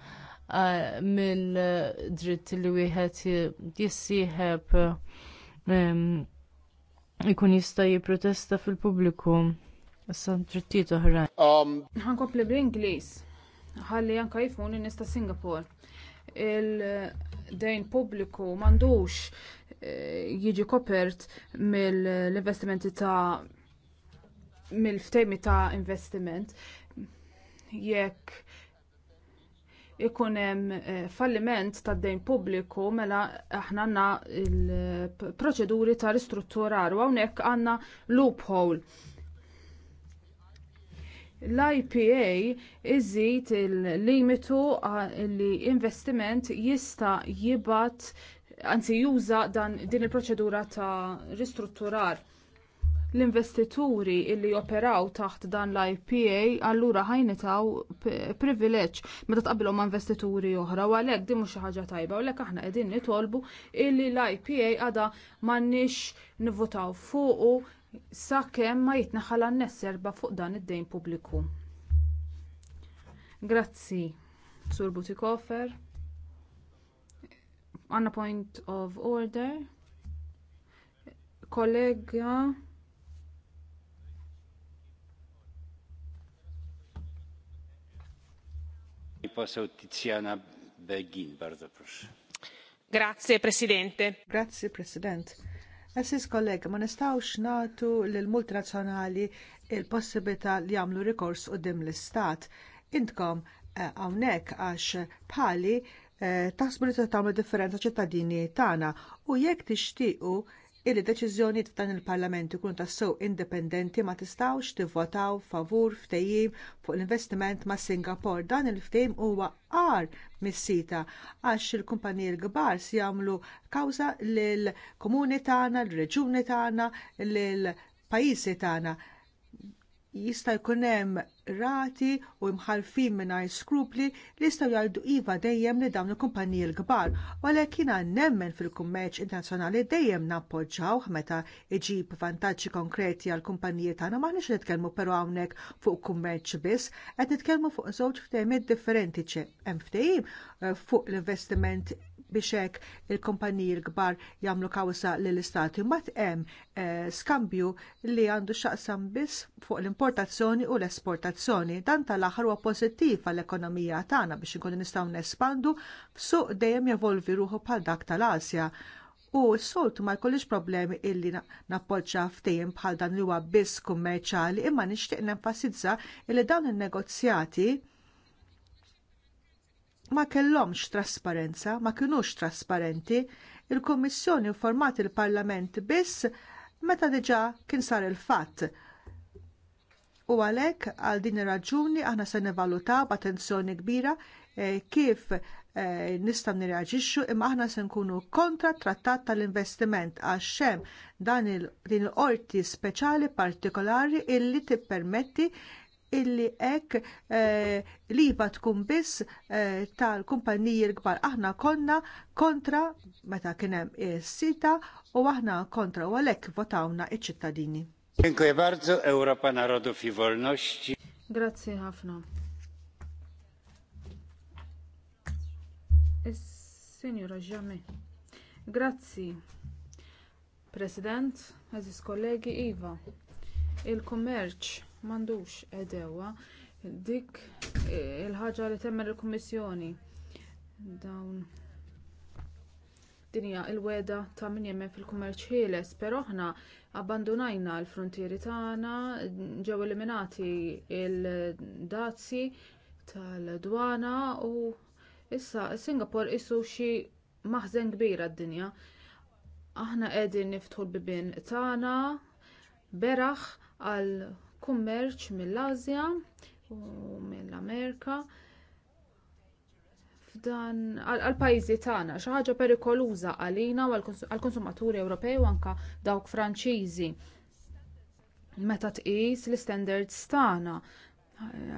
mill-dritt li wieħed jissieħeb ikun jista' jipprotesta fil-pubbliku. Issa drittijiet oħrajn. Um, Ħankompli bl-Ingliż ħalli anke jifhmu in nista' Singapore. Il-dejn pubbliku m'għandux eh, jiġi kopert mill-investimenti ta' mill-ftejmi ta' investiment jekk ikun hemm eh, falliment tad-dejn pubbliku mela aħna għandna l-proċeduri ta' ristrutturar u hawnhekk għandna loophole. L-IPA iżid il-limitu eh, li investiment jista' jibgħat anzi juża din il-proċedura ta' ristrutturar l-investituri illi operaw taħt dan l-IPA allura ħajnitaw privileġġ meta tqabbilhom ma' investituri oħra u għalhekk din mhux xi ħaġa tajba u għalhekk aħna qegħdin nitolbu illi l-IPA għadha m'għandniex nivvotaw fuqu sakemm ma jitneħħal għan-nes serba fuq dan id-dejn pubbliku. Grazzi, Sur Butikofer. a point of order kollega Grazie, Presidente. Grazie, President. Assis kollega, ma nistgħux nagħtu lill multinazzjonali l possibilità li jagħmlu rikors quddiem l-istat. Intkom eh, hawnhekk għax bħali eh, taħsbu li tagħmlu differenza ċittadini tagħna u jekk tixtiequ illi deċiżjonijiet f'dan il-Parlament ikunu tassew indipendenti ma tistawx tivvotaw favur ftehim fuq l-investiment ma' Singapore. Dan il-ftehim huwa għar mis-sita għax il-kumpaniji l-kbar si jagħmlu kawża lill komuni tagħna, l-reġuni tagħna, lill pajjiżi tagħna. Jista' jkun hemm rati u minn mingħajr skrupli li jistgħu jgħaddu iva dejjem li dawn il-kumpaniji l-kbar. U għalhekk jiena nemmen fil-kummerċ internazzjonali dejjem nappoġġaw meta iġib vantaġġi konkreti għall kumpaniji tagħna maħniex nitkellmu però hawnhekk fuq kummerċ biss, qed nitkellmu fuq żewġ ftehimiet differenti ċe hemm ftehim eh, fuq l-investiment biex hekk il-kumpaniji l-kbar jagħmlu kawsa lill istati Mat hemm eh, skambju li għandu x'aqsam biss fuq l-importazzjoni u l-esportazzjoni. Dan tal-aħħar huwa pożittiv għall-ekonomija tagħna biex inkunu nistgħu nespandu f'suq dejjem jevolvi ruħu bħal dak tal-Asja. U s-solt ma jkollix problemi illi nappoġġa ftejjem bħal dan li huwa biss kummerċjali imma nixtieq nenfasizza li dawn in-negozjati ma kellhomx trasparenza, ma kinux trasparenti, il-Kommissjoni informat il-Parlament biss meta diġà kien sar il-fatt. U għalhekk għal din ir-raġuni aħna se nivalutaw b'attenzjoni kbira eh, kif eh, nistgħu nirreaġixxu imma aħna se nkunu kontra trattat tal-investiment għax hemm dan il-qorti speċjali partikolari illi tippermetti illi hekk li eh, liba tkun biss eh, tal kumpaniji l-kbar. Aħna konna kontra meta kien hemm is-sita u aħna kontra u għalhekk votawna iċ-ċittadini. Dziękuję bardzo, Europa Narodów i Wolności. Grazie ħafna. E, signora Jamie, Grazzi. President, eżis kollegi Iva, il-kummerċ m'għandux edewa dik eh, il-ħaġa li temmel il-Kummissjoni dawn dinja il-weda ta' min jemmen fil-kummerċ ħieles, però aħna abbandunajna l-frontieri tagħna, ġew eliminati il-dazzi tal-dwana u issa Singapore issu xi maħżen kbira d-dinja. Aħna qegħdin niftħu l-bibien tagħna beraħ għal kummerċ mill-Asja u mill-Amerika f'dan għal pajjiżi tagħna xi ħaġa perikoluża għalina u għall konsumaturi Ewropej u anke dawk Franċiżi meta tqis l-standards tagħna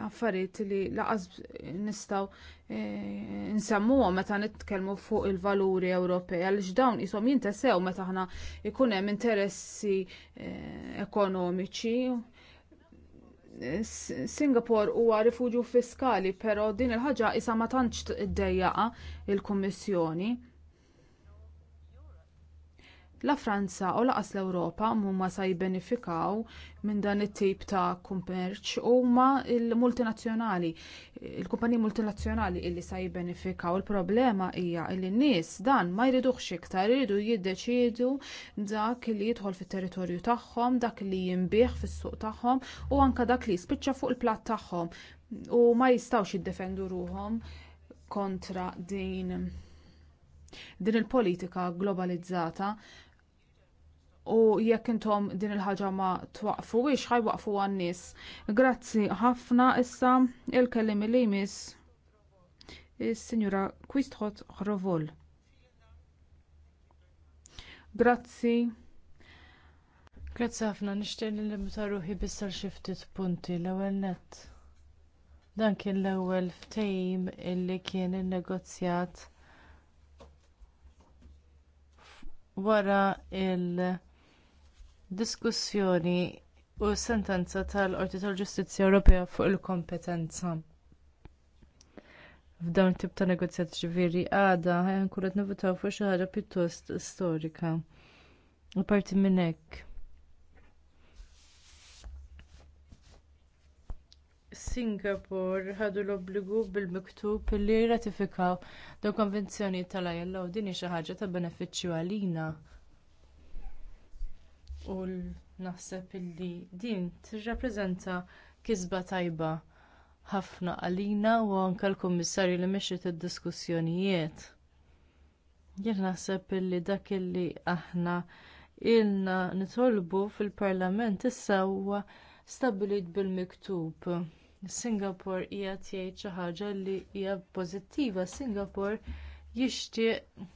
affarijiet li laqas nistgħu eh, nsemmuhom meta nitkellmu fuq il-valuri Ewropej għaliex dawn qishom jintesew meta aħna jkun hemm interessi eh, ekonomiċi Singapore huwa rifuġju fiskali, però din il-ħaġa isa ma tantx iddejjaqa il-Kummissjoni. il kummissjoni la Franza u lanqas l-Ewropa huma se jibbenefikaw minn dan it-tip ta' kummerċ huma l-multinazzjonali, il-kumpaniji multinazzjonali illi se jibbenefikaw. Il-problema hija li n-nies dan ma jridux iktar, iridu jiddeċiedu dak li jidħol fit-territorju tagħhom, dak li jinbigħ fis-suq tagħhom u anke dak li jispiċċa fuq il-platt tagħhom u ma jistgħux jiddefendu ruhom kontra din din il-politika globalizzata u jekk intom din il-ħaġa ma twaqfu wiex ħajwaqfu għan-nies. Grazzi ħafna issa il-kellim li jmiss is-Sinjura Kwistħot ħrovol. Grazzi. Grazzi ħafna nixtieq li ta' ruħi bissa xiftit punti l-ewwel nett. Dan kien l-ewwel ftehim illi kien innegozjat wara il- diskussjoni u sentenza tal-Qorti tal-Ġustizzja Ewropea fuq il-kompetenza. F'dawn tip ta' negozjat ġifieri għada ħankun qed nivutaw fuq xi ħaġa pjuttost storika. Apparti minn hekk. Singapore ħadu l-obbligu bil-miktub li rratifikaw dawn konvenzjoni tal-ILO din hi xi ħaġa ta' benefiċċju għalina u naħseb illi din tirrappreżenta kisba tajba ħafna għalina u anke l-kummissarju li mexxiet id-diskussjonijiet. Jien naħseb illi dak illi aħna ilna nitolbu fil-Parlament issa huwa stabbilit bil-miktub. Singapore hija tgħid xi ħaġa li hija pożittiva. Singapore jixtieq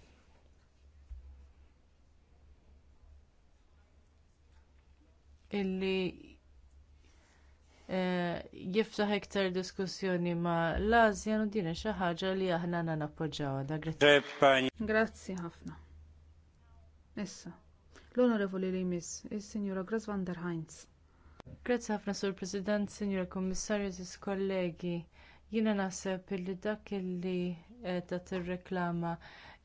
illi eh, jiftaħ iktar diskussjoni ma l-Azjan u din xi ħaġa li aħna nagħna nappoġġawha. Grazzi ħafna. Issa. L-Onorevoli li miss, is-Sinjura Gras van der Heinz. Grazzi ħafna Sur President, Sinjura Kommissarju, Zis kollegi. Jiena naħseb li dak illi qed tirreklama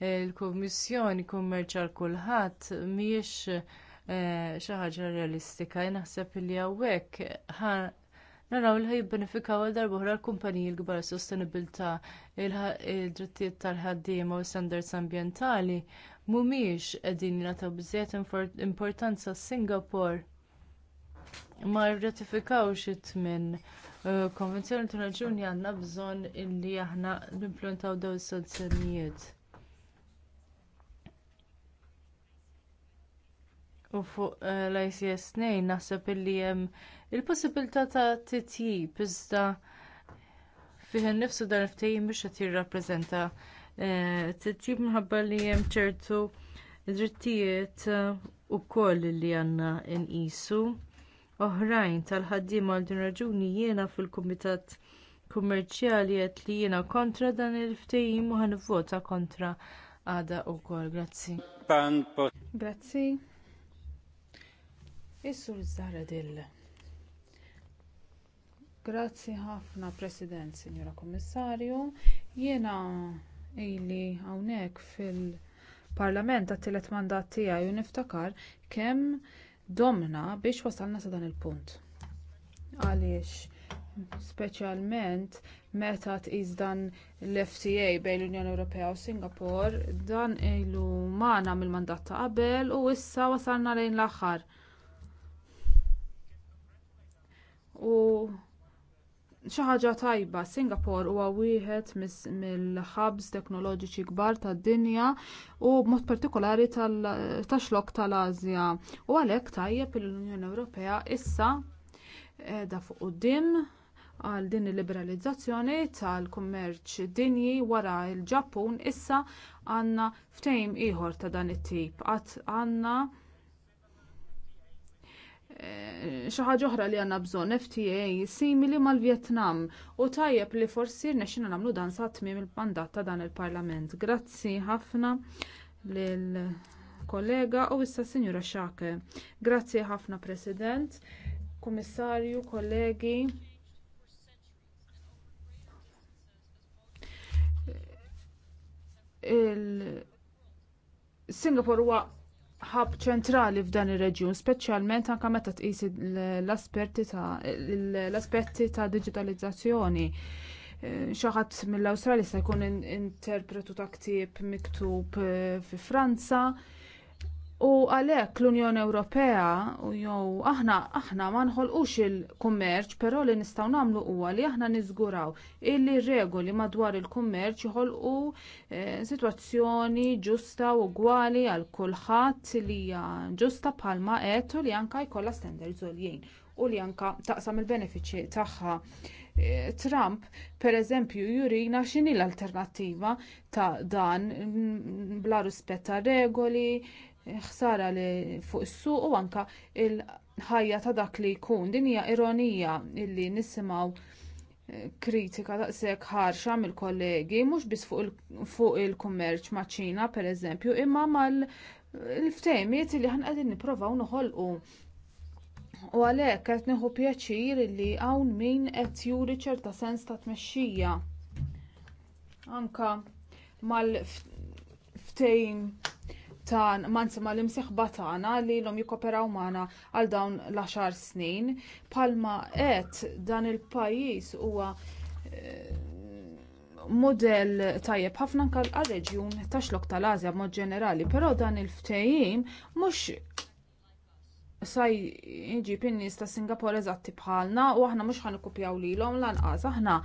l-Kummissjoni kummerċjal kulħadd mhijiex Eh, xi ħaġa realistika. Naħseb li hawnhekk naraw li jibbenefikaw għal darbohra l-kumpaniji l-gbar sostenibilità il-drittijiet tal-ħaddiema u standards ambjentali mhumiex qegħdin jingħataw bżejjed importanza Singapore ma rratifikawx it-tmien eh, konvenzjoni tal ġuni għandna bżonn illi aħna nimplantaw dawn is-sanzjonijiet. u fuq eh, l-ICS 2 naħseb illi hemm il-possibilità ta' titjib iżda fih innifsu dan il-ftehim biex qed jirrappreżenta eh, titjib minħabba li hemm ċertu drittijiet eh, ukoll li għandna nqisu oħrajn tal-ħaddiema għal din raġuni jiena fil-kumitat kummerċjali qed li jiena kontra dan il-ftehim u ħanivvota kontra għada wkoll. Grazzi. Grazzi. Is-sur Zahra Dill. Grazzi ħafna President, Sinjora Kommissarju. Jiena ili hawnhekk fil-Parlament għat-tielet mandat tiegħi u niftakar kemm domna biex wasalna sa dan il-punt. Għaliex speċjalment meta tqis dan l-FTA bejn l-Unjoni Ewropea u Singapore dan ilu magħna mill-mandat ta' qabel u issa wasalna lejn l-aħħar. u xi ħaġa tajba, Singapore huwa wieħed mill-ħabs teknoloġiċi kbar tad-dinja u b'mod partikolari tax-xlok tal-Asja. U għalhekk tajjeb l-Unjoni Ewropea issa qiegħda fuq quddiem għal din il-liberalizzazzjoni tal-kummerċ dinji wara l-Ġappun issa għandna ftehim ieħor ta' dan it-tip. Eh, xaħġa ħaġa oħra li għandna bżonn FTA simili mal-Vjetnam u tajjeb li forsi rnexxina nagħmlu dan sa tmiem il pandat ta' dan il-Parlament. Grazzi ħafna lil kollega u issa Sinjura Xake. Grazzi ħafna President, komissarju, kollegi. Il Singapore wa ħab ċentrali f'dan ir-reġjun, speċjalment anke meta tqis l-aspetti ta' diġitalizzazzjoni. Eh, xi ħadd mill-Awstralja se jkun interpretu ta' ktieb miktub eh, fi Franza, U għalhekk l-Unjoni Ewropea u jew aħna aħna ma nħolqux il-kummerċ, però li nistgħu nagħmlu huwa li aħna niżguraw illi regoli madwar il-kummerċ jħolqu eh, sitwazzjoni ġusta u gwali għal kulħadd li hija ġusta bħalma qed u li anke jkollha standards għoljin u li anka taqsam il-benefiċi tagħha. Eh, Trump, pereżempju jurina x'inhi l-alternattiva ta' dan mm, bla rispetta regoli, ħsara li fuq is-suq u anke l ħajja ta' dak li jkun. Din hija ironija illi nisimgħu eh, kritika daqshekk ħarxa mill-kollegi mhux biss fuq il-kummerċ ma' Ċina pereżempju, imma mal-ftehmiet li ħan qegħdin nipprovaw noħolqu. U għalhekk qed nieħu pjaċir li hawn min qed juri ċerta sens ta' tmexxija. Anka mal ftejn tan manzi li imsieħba tagħna li l-om jikoperaw magħna għal dawn l-10 snin. Palma qed dan il-pajjiż huwa eh, modell tajjeb ħafna nkal għal-reġjun tax-xlok tal azja b'mod ġenerali, però dan il-ftehim mhux saj jġib in-nies ta' Singapore eżatti bħalna u aħna mhux ħanikupjaw lilhom lanqas aħna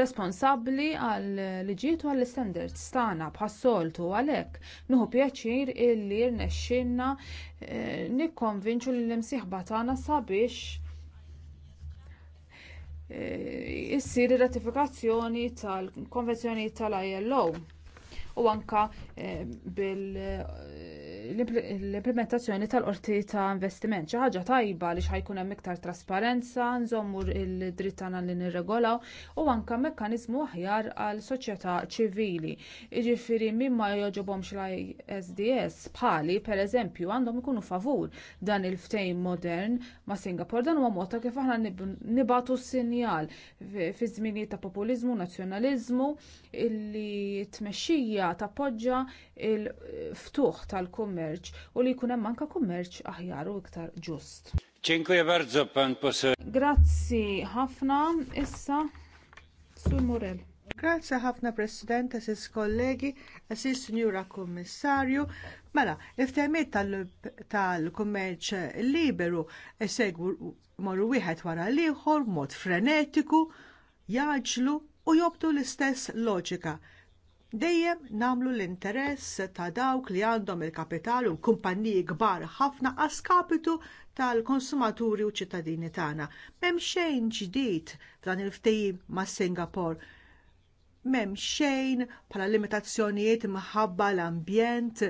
responsabbli għal liġiet u għall standards tagħna bħas-soltu għalhekk nieħu pjaċir illi rnexxinna eh, nikkonvinċu lil imsieħba tagħna sabiex eh, issir ir-ratifikazzjoni tal-konvenzjoni tal-ILO u anka eh, bil-implementazzjoni tal-qorti ta' investiment. Xi ħaġa tajba li ħajkun hemm iktar trasparenza, nżommu l-dritt tagħna li nirregolaw u anka mekkaniżmu aħjar għal soċjetà ċivili. Jiġifieri min ma jogħġobhomx l-ISDS bħali pereżempju għandhom ikunu favur dan il-ftejn modern ma' Singapore dan huwa mod ta' kif aħna nibatu sinjal fi żminijiet ta' populiżmu, nazzjonaliżmu illi tmexxija kollha tappoġġja l-ftuħ tal-kummerċ u li jkun hemm anke kummerċ aħjar u iktar ġust. Dziękuję bardzo pan poseł. Grazzi ħafna issa Sur Murel. Grazzi ħafna President, assis kollegi, assis Signora Kommissarju. Mela, iftemiet tal-kummerċ tal liberu segwu morru wieħed wara l mod frenetiku, jaġlu u jobdu l-istess loġika dejjem nagħmlu l-interess ta' dawk li għandhom il-kapital u l-kumpanniji kbar ħafna kapitu tal-konsumaturi u ċittadini tagħna. M'hemm xejn ġdid dan il-ftehim ma' Singapore. M'hemm xejn bħala limitazzjonijiet minħabba l-ambjent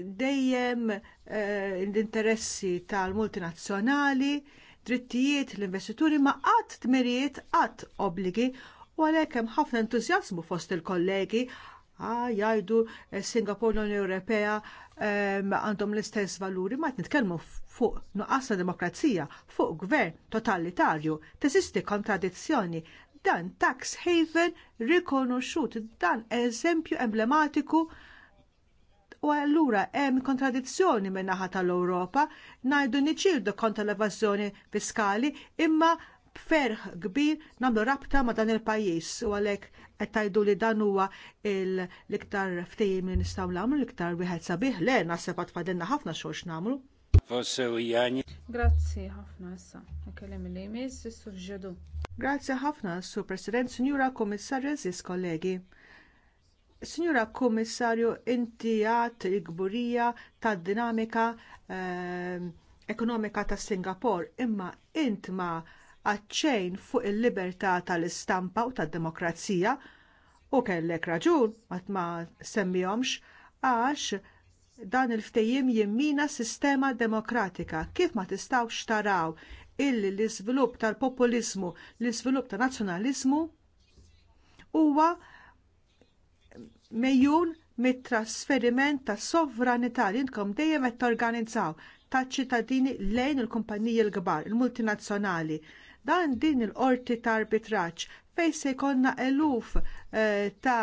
dejjem uh, l-interessi tal-multinazzjonali, drittijiet l-investituri ma qatt tmeriet qatt obbligi u għalhekk hemm ħafna entużjażmu fost il-kollegi ah, jgħidu eh, Singapore l-Unjoni Ewropea ehm, għandhom l-istess valuri, ma nitkellmu fuq nuqqas demokrazija, fuq gvern totalitarju, teżisti kontradizzjoni, dan tax haven rikonoxxut, dan eżempju emblematiku u allura hemm kontradizzjoni min-naħa tal-Ewropa ngħidu niċildu kontra l-evażjoni fiskali imma ferħ kbir nagħmlu rabta ma' dan il-pajjiż u għalhekk qed tgħidu li dan huwa l-iktar ftehim li nistgħu nagħmlu l-iktar wieħed sabiħ le naħseb għad fadilna ħafna u jani. Grazzi ħafna issa. Ikellem li jmiss is ġedu. Grazzi ħafna, Sur President, signora Kummissarju, Ziz kollegi. Signora Kummissarju, inti għat il-gburija tad dinamika eh, ekonomika ta' Singapore, imma int ma' għadċejn fuq il-libertà tal-istampa u tad-demokrazija u kellek raġun mat ma semmihomx għax dan il-ftejjim jimmina sistema demokratika kif ma tistawx taraw illi l-iżvilupp tal populiżmu l-iżvilupp tan nazzjonaliżmu huwa mejjun mit-trasferiment tas sovranità li intkom dejjem qed torganizzaw taċ ċittadini lejn il-kumpaniji l-kbar, il-multinazzjonali dan din il-qorti ta' arbitraċ fejn se jkollna eluf eh, ta'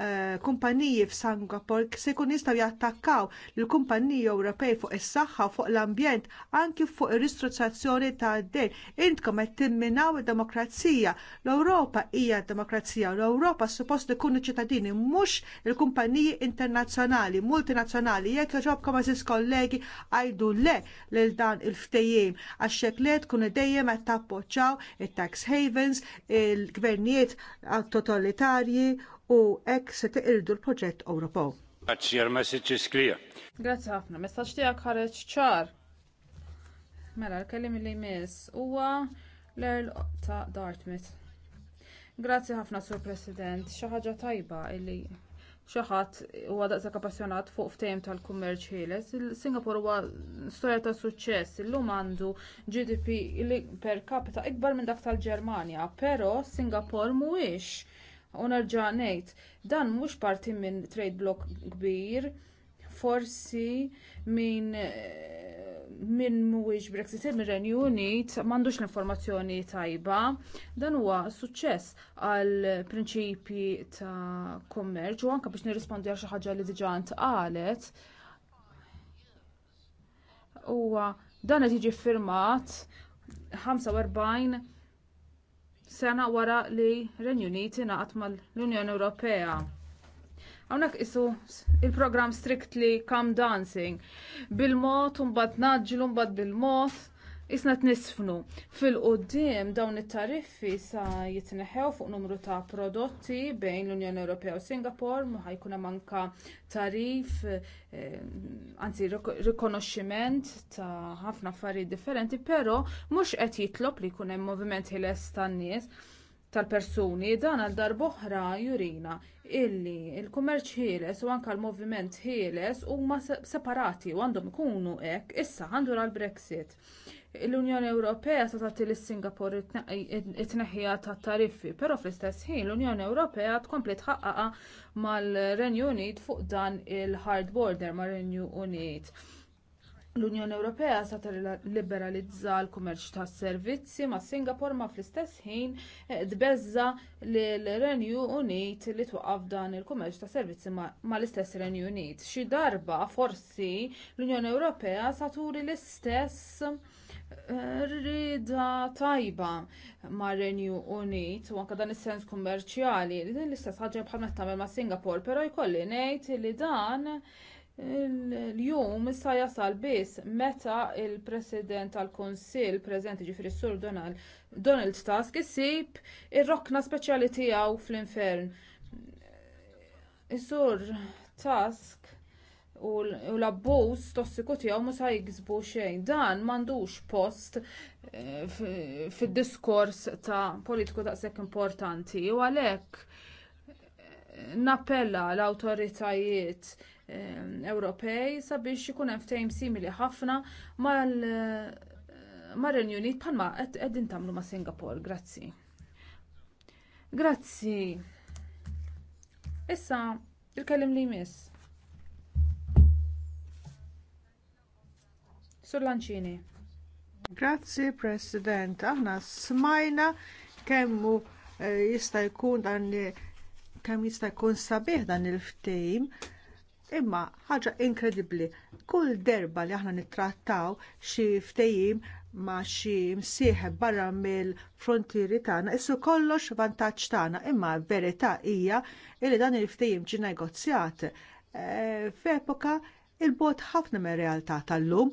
Eh, kumpaniji f'Singapore se jkun jistgħu jattakkaw lill kumpaniji Ewropej fuq is-saħħa fuq l-ambjent anki fuq ir ristrutturazzjoni ta' dejn. Intkom qed timminaw id-demokrazija. L-Ewropa hija d-demokrazija. L-Ewropa suppost ikunu ċittadini mhux il-kumpaniji internazzjonali, multinazzjonali. Jekk joġobkom eżis kollegi għajdu le lil dan il-ftejjim għax hekk le tkun dejjem qed tappoġġjaw it-tax havens, il-gvernijiet totalitarji u hekk se tiqirdu l-proġett Ewropew. Grazzi għal messaġġ Grazzi ħafna, messaġġ tiegħek ħareġ ċar. Mela l-kelim li jmiss huwa l-Earl ta' Dartmouth. Grazzi ħafna Sur President, xi ħaġa tajba illi xi ħadd huwa daqshekk appassjonat fuq ftehim tal-kummerċ ħieles. Singapore huwa storja ta' suċċess, illum għandu GDP per capita ikbar minn dak tal-Ġermanja, però Singapore mhuwiex U nerġa' ngħid, dan mhux parti minn trade block kbir, forsi minn min mhuwiex Brexit minn Renju Unit m'għandux l-informazzjoni tajba. Dan huwa suċċess għal prinċipji ta' kummerċ u anke biex nirrispondi għal xi ħaġa li diġà ntqalet. Huwa dan qed jiġi ffirmat 45 sena wara li Renju Unit ingħaqad mal-Unjoni Ewropea. Hawnhekk isu il-programm Strictly Come Dancing bil-mod u mbagħad naġġlu mbagħad bil-mod Isna t-nisfnu. Fil-qoddim dawn it-tariffi sa jitneħew fuq numru ta' prodotti bejn l-Unjoni Ewropea u Singapore, ma ħajkuna manka tarif, eh, anzi rikonoxximent ta' ħafna affarijiet differenti, però mhux qed jitlob li jkun hemm moviment ħiles tan-nies tal-persuni dan għal darboħra jurina illi l kummerċ ħieles u anke l-moviment ħieles huma separati u għandhom ikunu hekk issa għandu għall brexit L-Unjoni Ewropea se tagħti lis singapur it-tneħħija tat tariffi, però fl-istess ħin l-Unjoni Ewropea tkompli tħaqqaqa mal-Renju Unit fuq dan il-hard border mar-Renju Unit. L-Unjoni Ewropea sa liberalizza l-kummerċ tas servizzi ma' Singapore ma' fl-istess ħin tbeżza eh, li l-Renju Unit li twaqqaf dan il-kummerċ tas servizzi ma' l-istess Renju Unit. Xi darba forsi l-Unjoni Ewropea sa turi l-istess eh, rida tajba ma' Renju Unit u anke dan is-sens kummerċjali li din l-istess ħaġa bħal tagħmel ma' Singapore, però jkolli ngħid li dan Il-jum issa jasal biss meta l president tal-Kunsill preżenti ġifieri sur Donald, Donald Tusk isib ir-rokna speċjali tiegħu fl-infern. Is-sur Tusk u l-abbuż tossiku tiegħu mhux se jiksbu xejn. Dan m'għandux post eh, fid-diskors ta' politiku daqshekk importanti u għalhekk eh, nappella l-awtoritajiet Eh, Ewropej sabiex ikun hemm ftehim simili ħafna mal eh, mar-Renju Unit bħalma qegħdin tagħmlu ma' Singapore. Grazzi. Grazzi. Issa il-kellim li jmiss. Sur Lancini. Grazzi President, aħna smajna kemmu eh, jista' jkun dan kemm jista' jkun sabiħ dan il-ftehim imma ħaġa inkredibbli. Kull derba li aħna nittrattaw xi ftehim ma xi msieħeb barra mill-frontieri tagħna, issu kollox vantaġġ tagħna, imma verità hija li dan il-ftehim ġie negozjat e, f'epoka il-bot ħafna mir-realtà tal-lum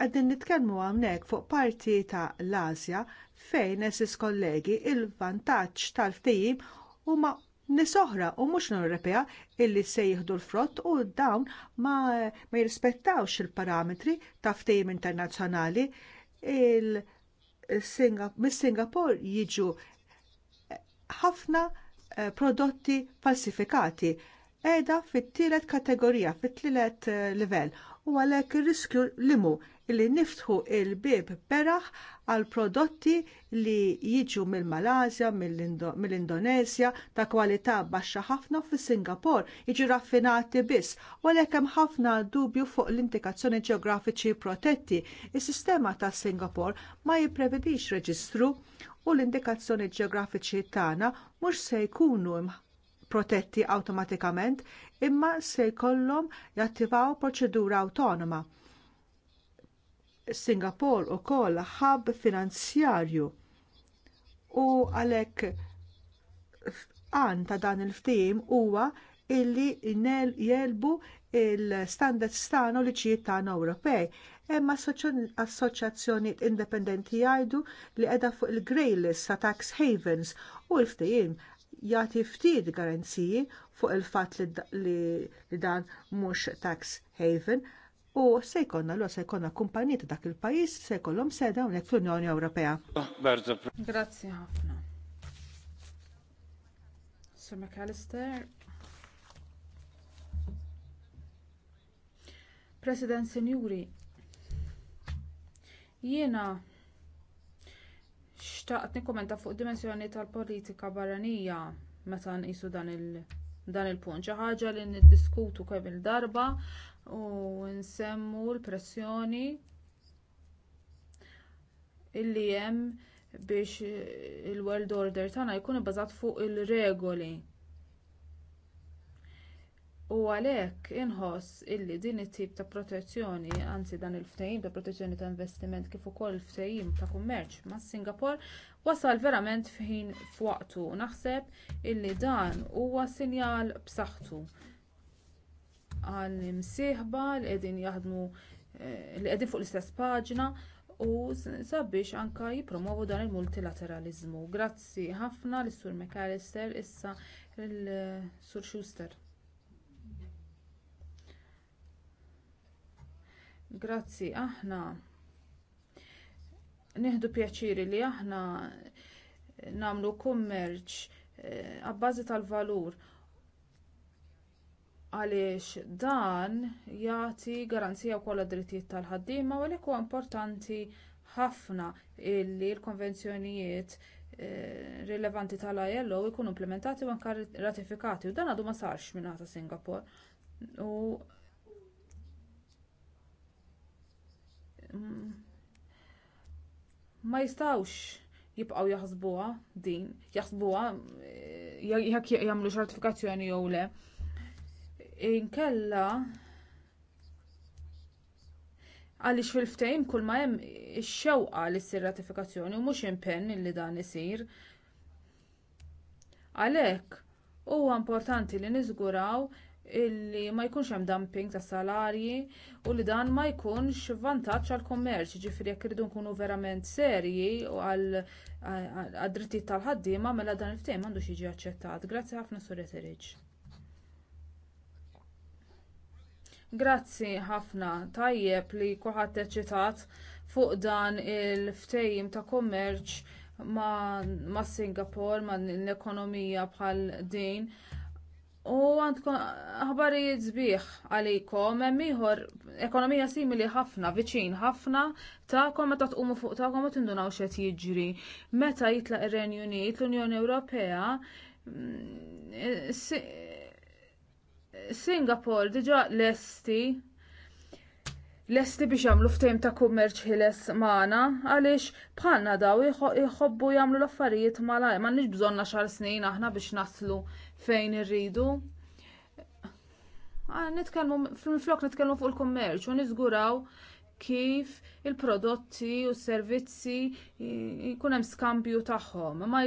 għaddin nitkellmu hawnhekk fuq parti ta' l-Asja fejn esis kollegi il vantaġġ tal ftejim huma nies oħra u mhux Ewropea illi se jieħdu l-frott u dawn ma, ma jirrispettawx il-parametri ta' ftehim internazzjonali il mis-Singapur jiġu ħafna eh, prodotti falsifikati qiegħda fit-tielet kategorija, fit-tielet eh, livell u għalhekk ir-riskju limu li niftħu l bib peraħ għal prodotti li jiġu mill malasja mill-Indonezja, ta' kwalità baxxa ħafna fis singapore jiġu raffinati biss, għalhekk hemm ħafna dubju fuq l-indikazzjoni ġeografiċi protetti. Is-sistema ta' Singapore ma jipprevedix reġistru u l-indikazzjoni ġeografiċi tagħna mhux se jkunu protetti awtomatikament imma se jkollhom jattivaw proċedura awtonoma Singapore ukoll ħabb finanzjarju u għalhekk għan ta' dan il-ftim huwa illi jelbu il-standards tagħna u liċijiet tagħna Ewropej. Hemm assoċjazzjonijiet indipendenti jgħidu li qiegħda fuq il-grey list ta' tax havens u l-ftehim jagħti ftit garanziji fuq il-fatt li, dan mhux tax haven u se jkollna l se jkollna kumpanijiet dak il-pajjiż se jkollhom seda hawnhekk fl-Unjoni Ewropea. Grazzi ħafna. Sir McAllister. President Sinjuri, jiena xtaqt nikkumenta fuq dimensjoni tal-politika barranija meta nqisu dan il-punt. Xi ħaġa li niddiskutu kemm il-darba u nsemmu l-pressjoni illi hemm biex il-world order tagħna jkun ibbażat fuq ir-regoli. U għalhekk inħoss illi din it-tip ta' protezzjoni, anzi dan il-ftehim ta' protezzjoni ta' investiment kif ukoll il ftehim ta' kummerċ mas Singapore wasal verament f'ħin f'waqtu. Naħseb illi dan huwa sinjal b'saħħtu għal imsieħba li qegħdin jaħdmu eh, li qegħdin fuq l-istess paġna u sabiex anke jippromovu dan il-multilateraliżmu. Grazzi ħafna l sur McAllister issa l-Sur Schuster. Grazzi aħna nieħdu pjaċiri li aħna nagħmlu kummerċ eh, għabbażi tal-valur għaliex dan jagħti garanzija wkoll għad-drittijiet tal-ħaddiema u għalhekk huwa importanti ħafna li l-konvenzjonijiet eh, rilevanti tal-ILO jkunu implementati u anke ratifikati u dan għadu ma sarx minn Singapore. U mm, ma jistawx jibqgħu jaħsbuha din, jaħsbuha eh, jekk jagħmlu ratifikazzjoni jew le inkella għaliex fil-ftehim kull ma hemm ix-xewqa li ssir ratifikazzjoni u mhux impenn li dan isir. Għalhekk huwa importanti li niżguraw illi ma jkunx hemm dumping tas salarji u li dan ma jkunx vantaġġ għall kummerċ ġifieri jekk irridu nkunu verament serji u għad drittijiet tal-ħaddiema mela dan il-ftehim m'għandux jiġi aċċettat. Grazzi ħafna Sur Eteriġ. Grazzi ħafna tajjeb li kuħat eċitat fuq dan il-ftejim ta' kummerċ ma', ma Singapore, ma' l-ekonomija bħal din. U għandkom ħbarijiet sbieħ għalikom, hemm ieħor ekonomija simili ħafna, viċin ħafna ta'kom meta tqumu fuq ta' ma tindunaw x'qed jiġri. Meta jitlaq ir-Renju Unit, l-Unjoni Ewropea mm, Singapore diġà lesti lesti biex jagħmlu ftehim ta' kummerċ ħiles magħna għaliex bħalna daw jħobbu jagħmlu l-affarijiet malaj m'għandniex bżonna xar snin aħna biex naslu fejn irridu. Ah, nitkellmu flok nitkellmu fuq il-kummerċ u niżguraw kif il-prodotti u s-servizzi jkun hemm skambju tagħhom. Ma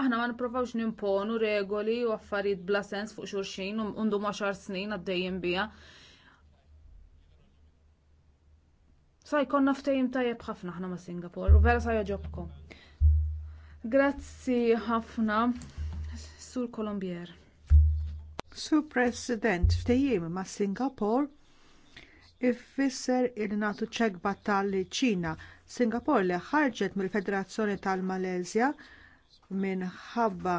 aħna ma nippruvawx nimponu regoli u affarijiet bla sens fuq xulxin undu ma' xar snin għaddejjem biha. Sa jkollna ftehim tajjeb ħafna aħna ma' Singapore u vera sa joġobkom. Grazzi ħafna Sur Kolombier. Sur President, ftehim ma' Singapore Iffisser il nagħtu ċekba tal-ċina. Singapore li ħarġet mill-Federazzjoni tal-Malezja minħabba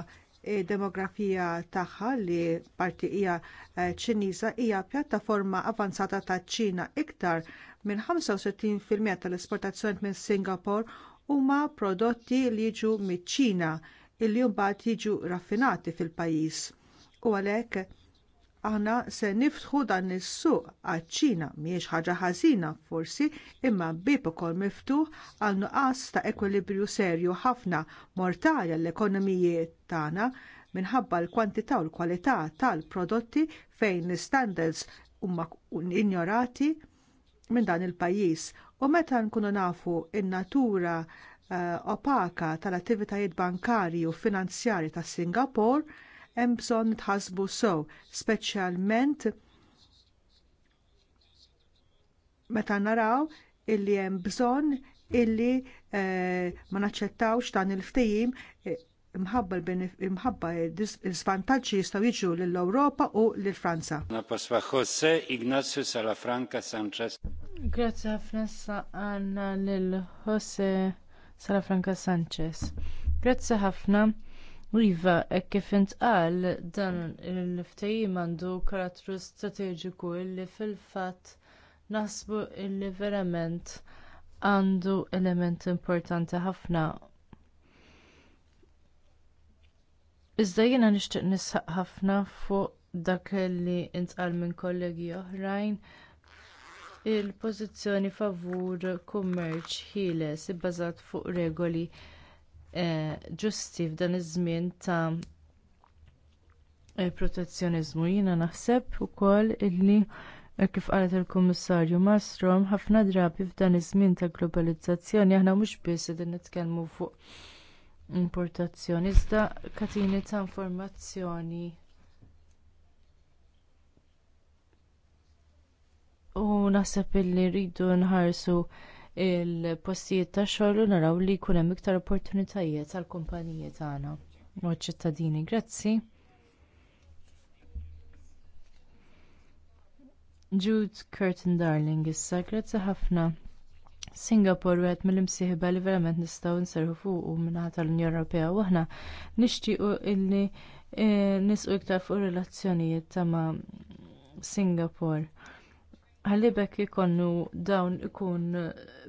demografija tagħha li parti hija eh, ċiniża hija pjattaforma avanzata taċ ċina iktar minn 65% tal-esportazzjoni minn Singapore huma prodotti li jiġu miċ-Ċina illi mbagħad jiġu raffinati fil-pajjiż. U għalhekk aħna se niftħu dan is-suq għaċ-Ċina mhijiex ħaġa ħażina forsi imma bib ukoll miftuħ għal nuqqas ta' ekwilibrju serju ħafna mortali għall ekonomiji tagħna minħabba l-kwantità u l-kwalità tal-prodotti fejn l-standards huma injorati minn dan il-pajjiż u meta nkunu nafu in-natura uh, opaka tal-attivitajiet bankarji u finanzjarji tas Singapore hemm bżonn tħasbu sew, speċjalment meta naraw illi hemm bżonn illi eh, ma naċċettawx dan il-ftehim eh, imħabba l-svantaġġi jistgħu jiġu lill-Ewropa u lill-Franza. Grazzi ħafna għandna lil Jose Salafranca Sanchez. Grazzi ħafna. Riva, hekk kif intqal dan il-ftehim għandu karattru strateġiku illi fil-fatt nasbu illi verament għandu element importanti ħafna. Iżda jiena nixtieq nisħaq ħafna fuq dak li intqal minn kollegi oħrajn il-pożizzjoni favur kummerċ ħieles ibbażat fuq regoli Eh, ġusti f'dan iż-żmien ta' eh, protezzjonizmu. Jiena naħseb ukoll illi eh, kif qalet il-Kummissarju Malmström ħafna drabi f'dan iż-żmien ta' globalizzazzjoni aħna mhux biss qegħdin nitkellmu fuq importazzjoni iżda katini ta' informazzjoni u naħseb illi rridu nħarsu il-postijiet ta' xogħol u naraw li jkun hemm iktar opportunitajiet għall kumpaniji tagħna u ċittadini. Grazzi. Jude Curtin Darling issa, grazzi ħafna. Singapore wieħed mill-imsieħba li verament nistgħu nserħu fuq u minnaħa tal-Unjoni Ewropea u aħna nixtiequ illi eh, nisqu iktar fuq relazzjonijiet ta' ma' Singapore għalibek ikonnu dawn ikun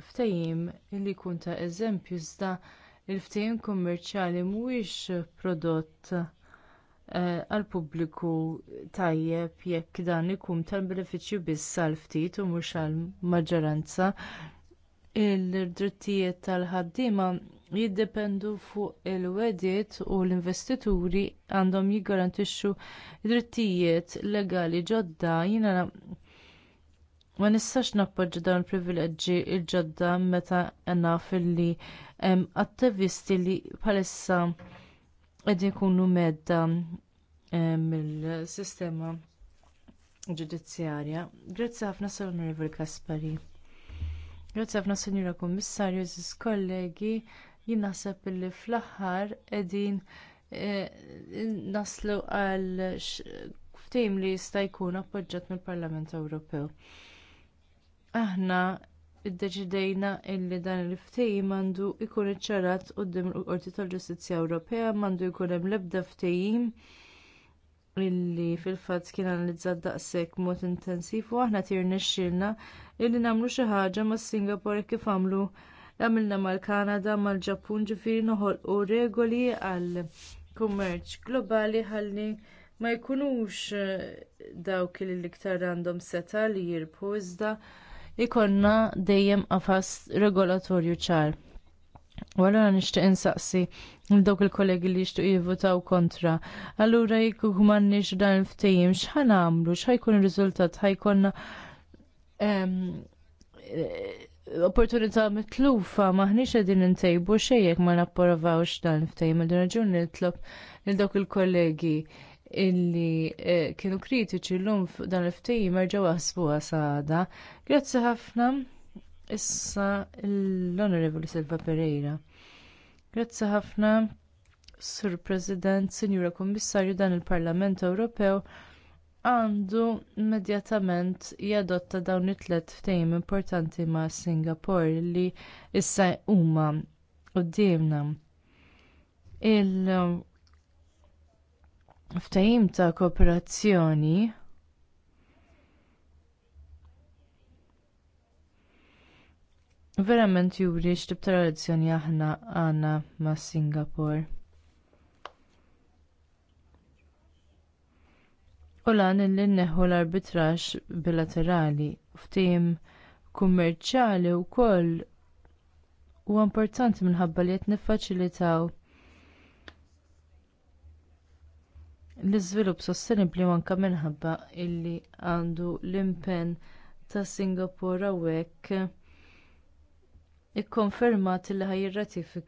ftehim li jkun ta' eżempju iżda il-ftehim kummerċjali mhuwiex prodott eh, għal pubbliku tajjeb jekk dan ikun tal-benefiċċju biss għal ftit u mhux għal maġġoranza il-drittijiet tal-ħaddiema jiddependu fuq il-wedjiet u l-investituri għandhom jiggarantixxu drittijiet legali ġodda jiena Ma nistax nappoġġi dawn il-privileġġi il-ġodda meta naf li hemm attivisti li bħalissa qegħdin ikunu medda ehm, mill-sistema ġudizzjarja. Grazzi ħafna sal Onorevoli Kaspari. Grazzi ħafna Sinjura Kummissarju, żis kollegi, jien naħseb li fl-aħħar qegħdin eh, naslu għal ftehim li jista' jkun appoġġjat mill-Parlament Ewropew aħna iddeċidejna illi dan il-ftehim għandu jkun iċċarat quddiem il-Qorti tal-Ġustizzja Ewropea m'għandu jkun hemm l-ebda ftehim illi fil-fatt kien analizzat daqshekk mod intensiv u aħna tir nixxilna illi nagħmlu xi ħaġa mas-Singapore kif għamlu għamilna mal-Kanada, mal-Ġappun ġifieri noħolqu regoli għal kummerċ globali ħalli ma jkunux dawk li l-iktar għandhom seta li jirbħu iżda ikonna dejjem qafas regolatorju ċar. U allura nixtieq insaqsi dawk il-kollegi li jixtiequ jivvotaw kontra. Allura jekk m'għandniex dan il-ftehim x'ħan għamlu, x'ħajkun ir-riżultat ħajkonna ehm, eh, opportunità mitlufa maħniex qegħdin intejbu xejn jekk ma napprovawx dan il-ftehim. Għal din raġuni nitlob lil dawk il-kollegi illi eh, kienu kritiċi llum lum dan il ftehim erġaw għasbuha saħda. Grazzi ħafna issa l-Honorable Silva Pereira. Grazzi ħafna Sur President, Sinjura Kummissarju dan il-Parlament Ewropew għandu immedjatament jadotta dawn it-tlet ftehim importanti ma' Singapore li issa huma quddiemna ftajim ta' kooperazzjoni verament juri x'tib tradizzjoni aħna għandna ma' Singapore. U lan li nneħħu l-arbitrax bilaterali ftim kummerċjali wkoll huwa importanti minħabba li qed niffaċilitaw l-iżvilupp sostenibbli anke minħabba illi għandu l-impenn ta' Singapore hawnhekk ikkonfermat li ħaj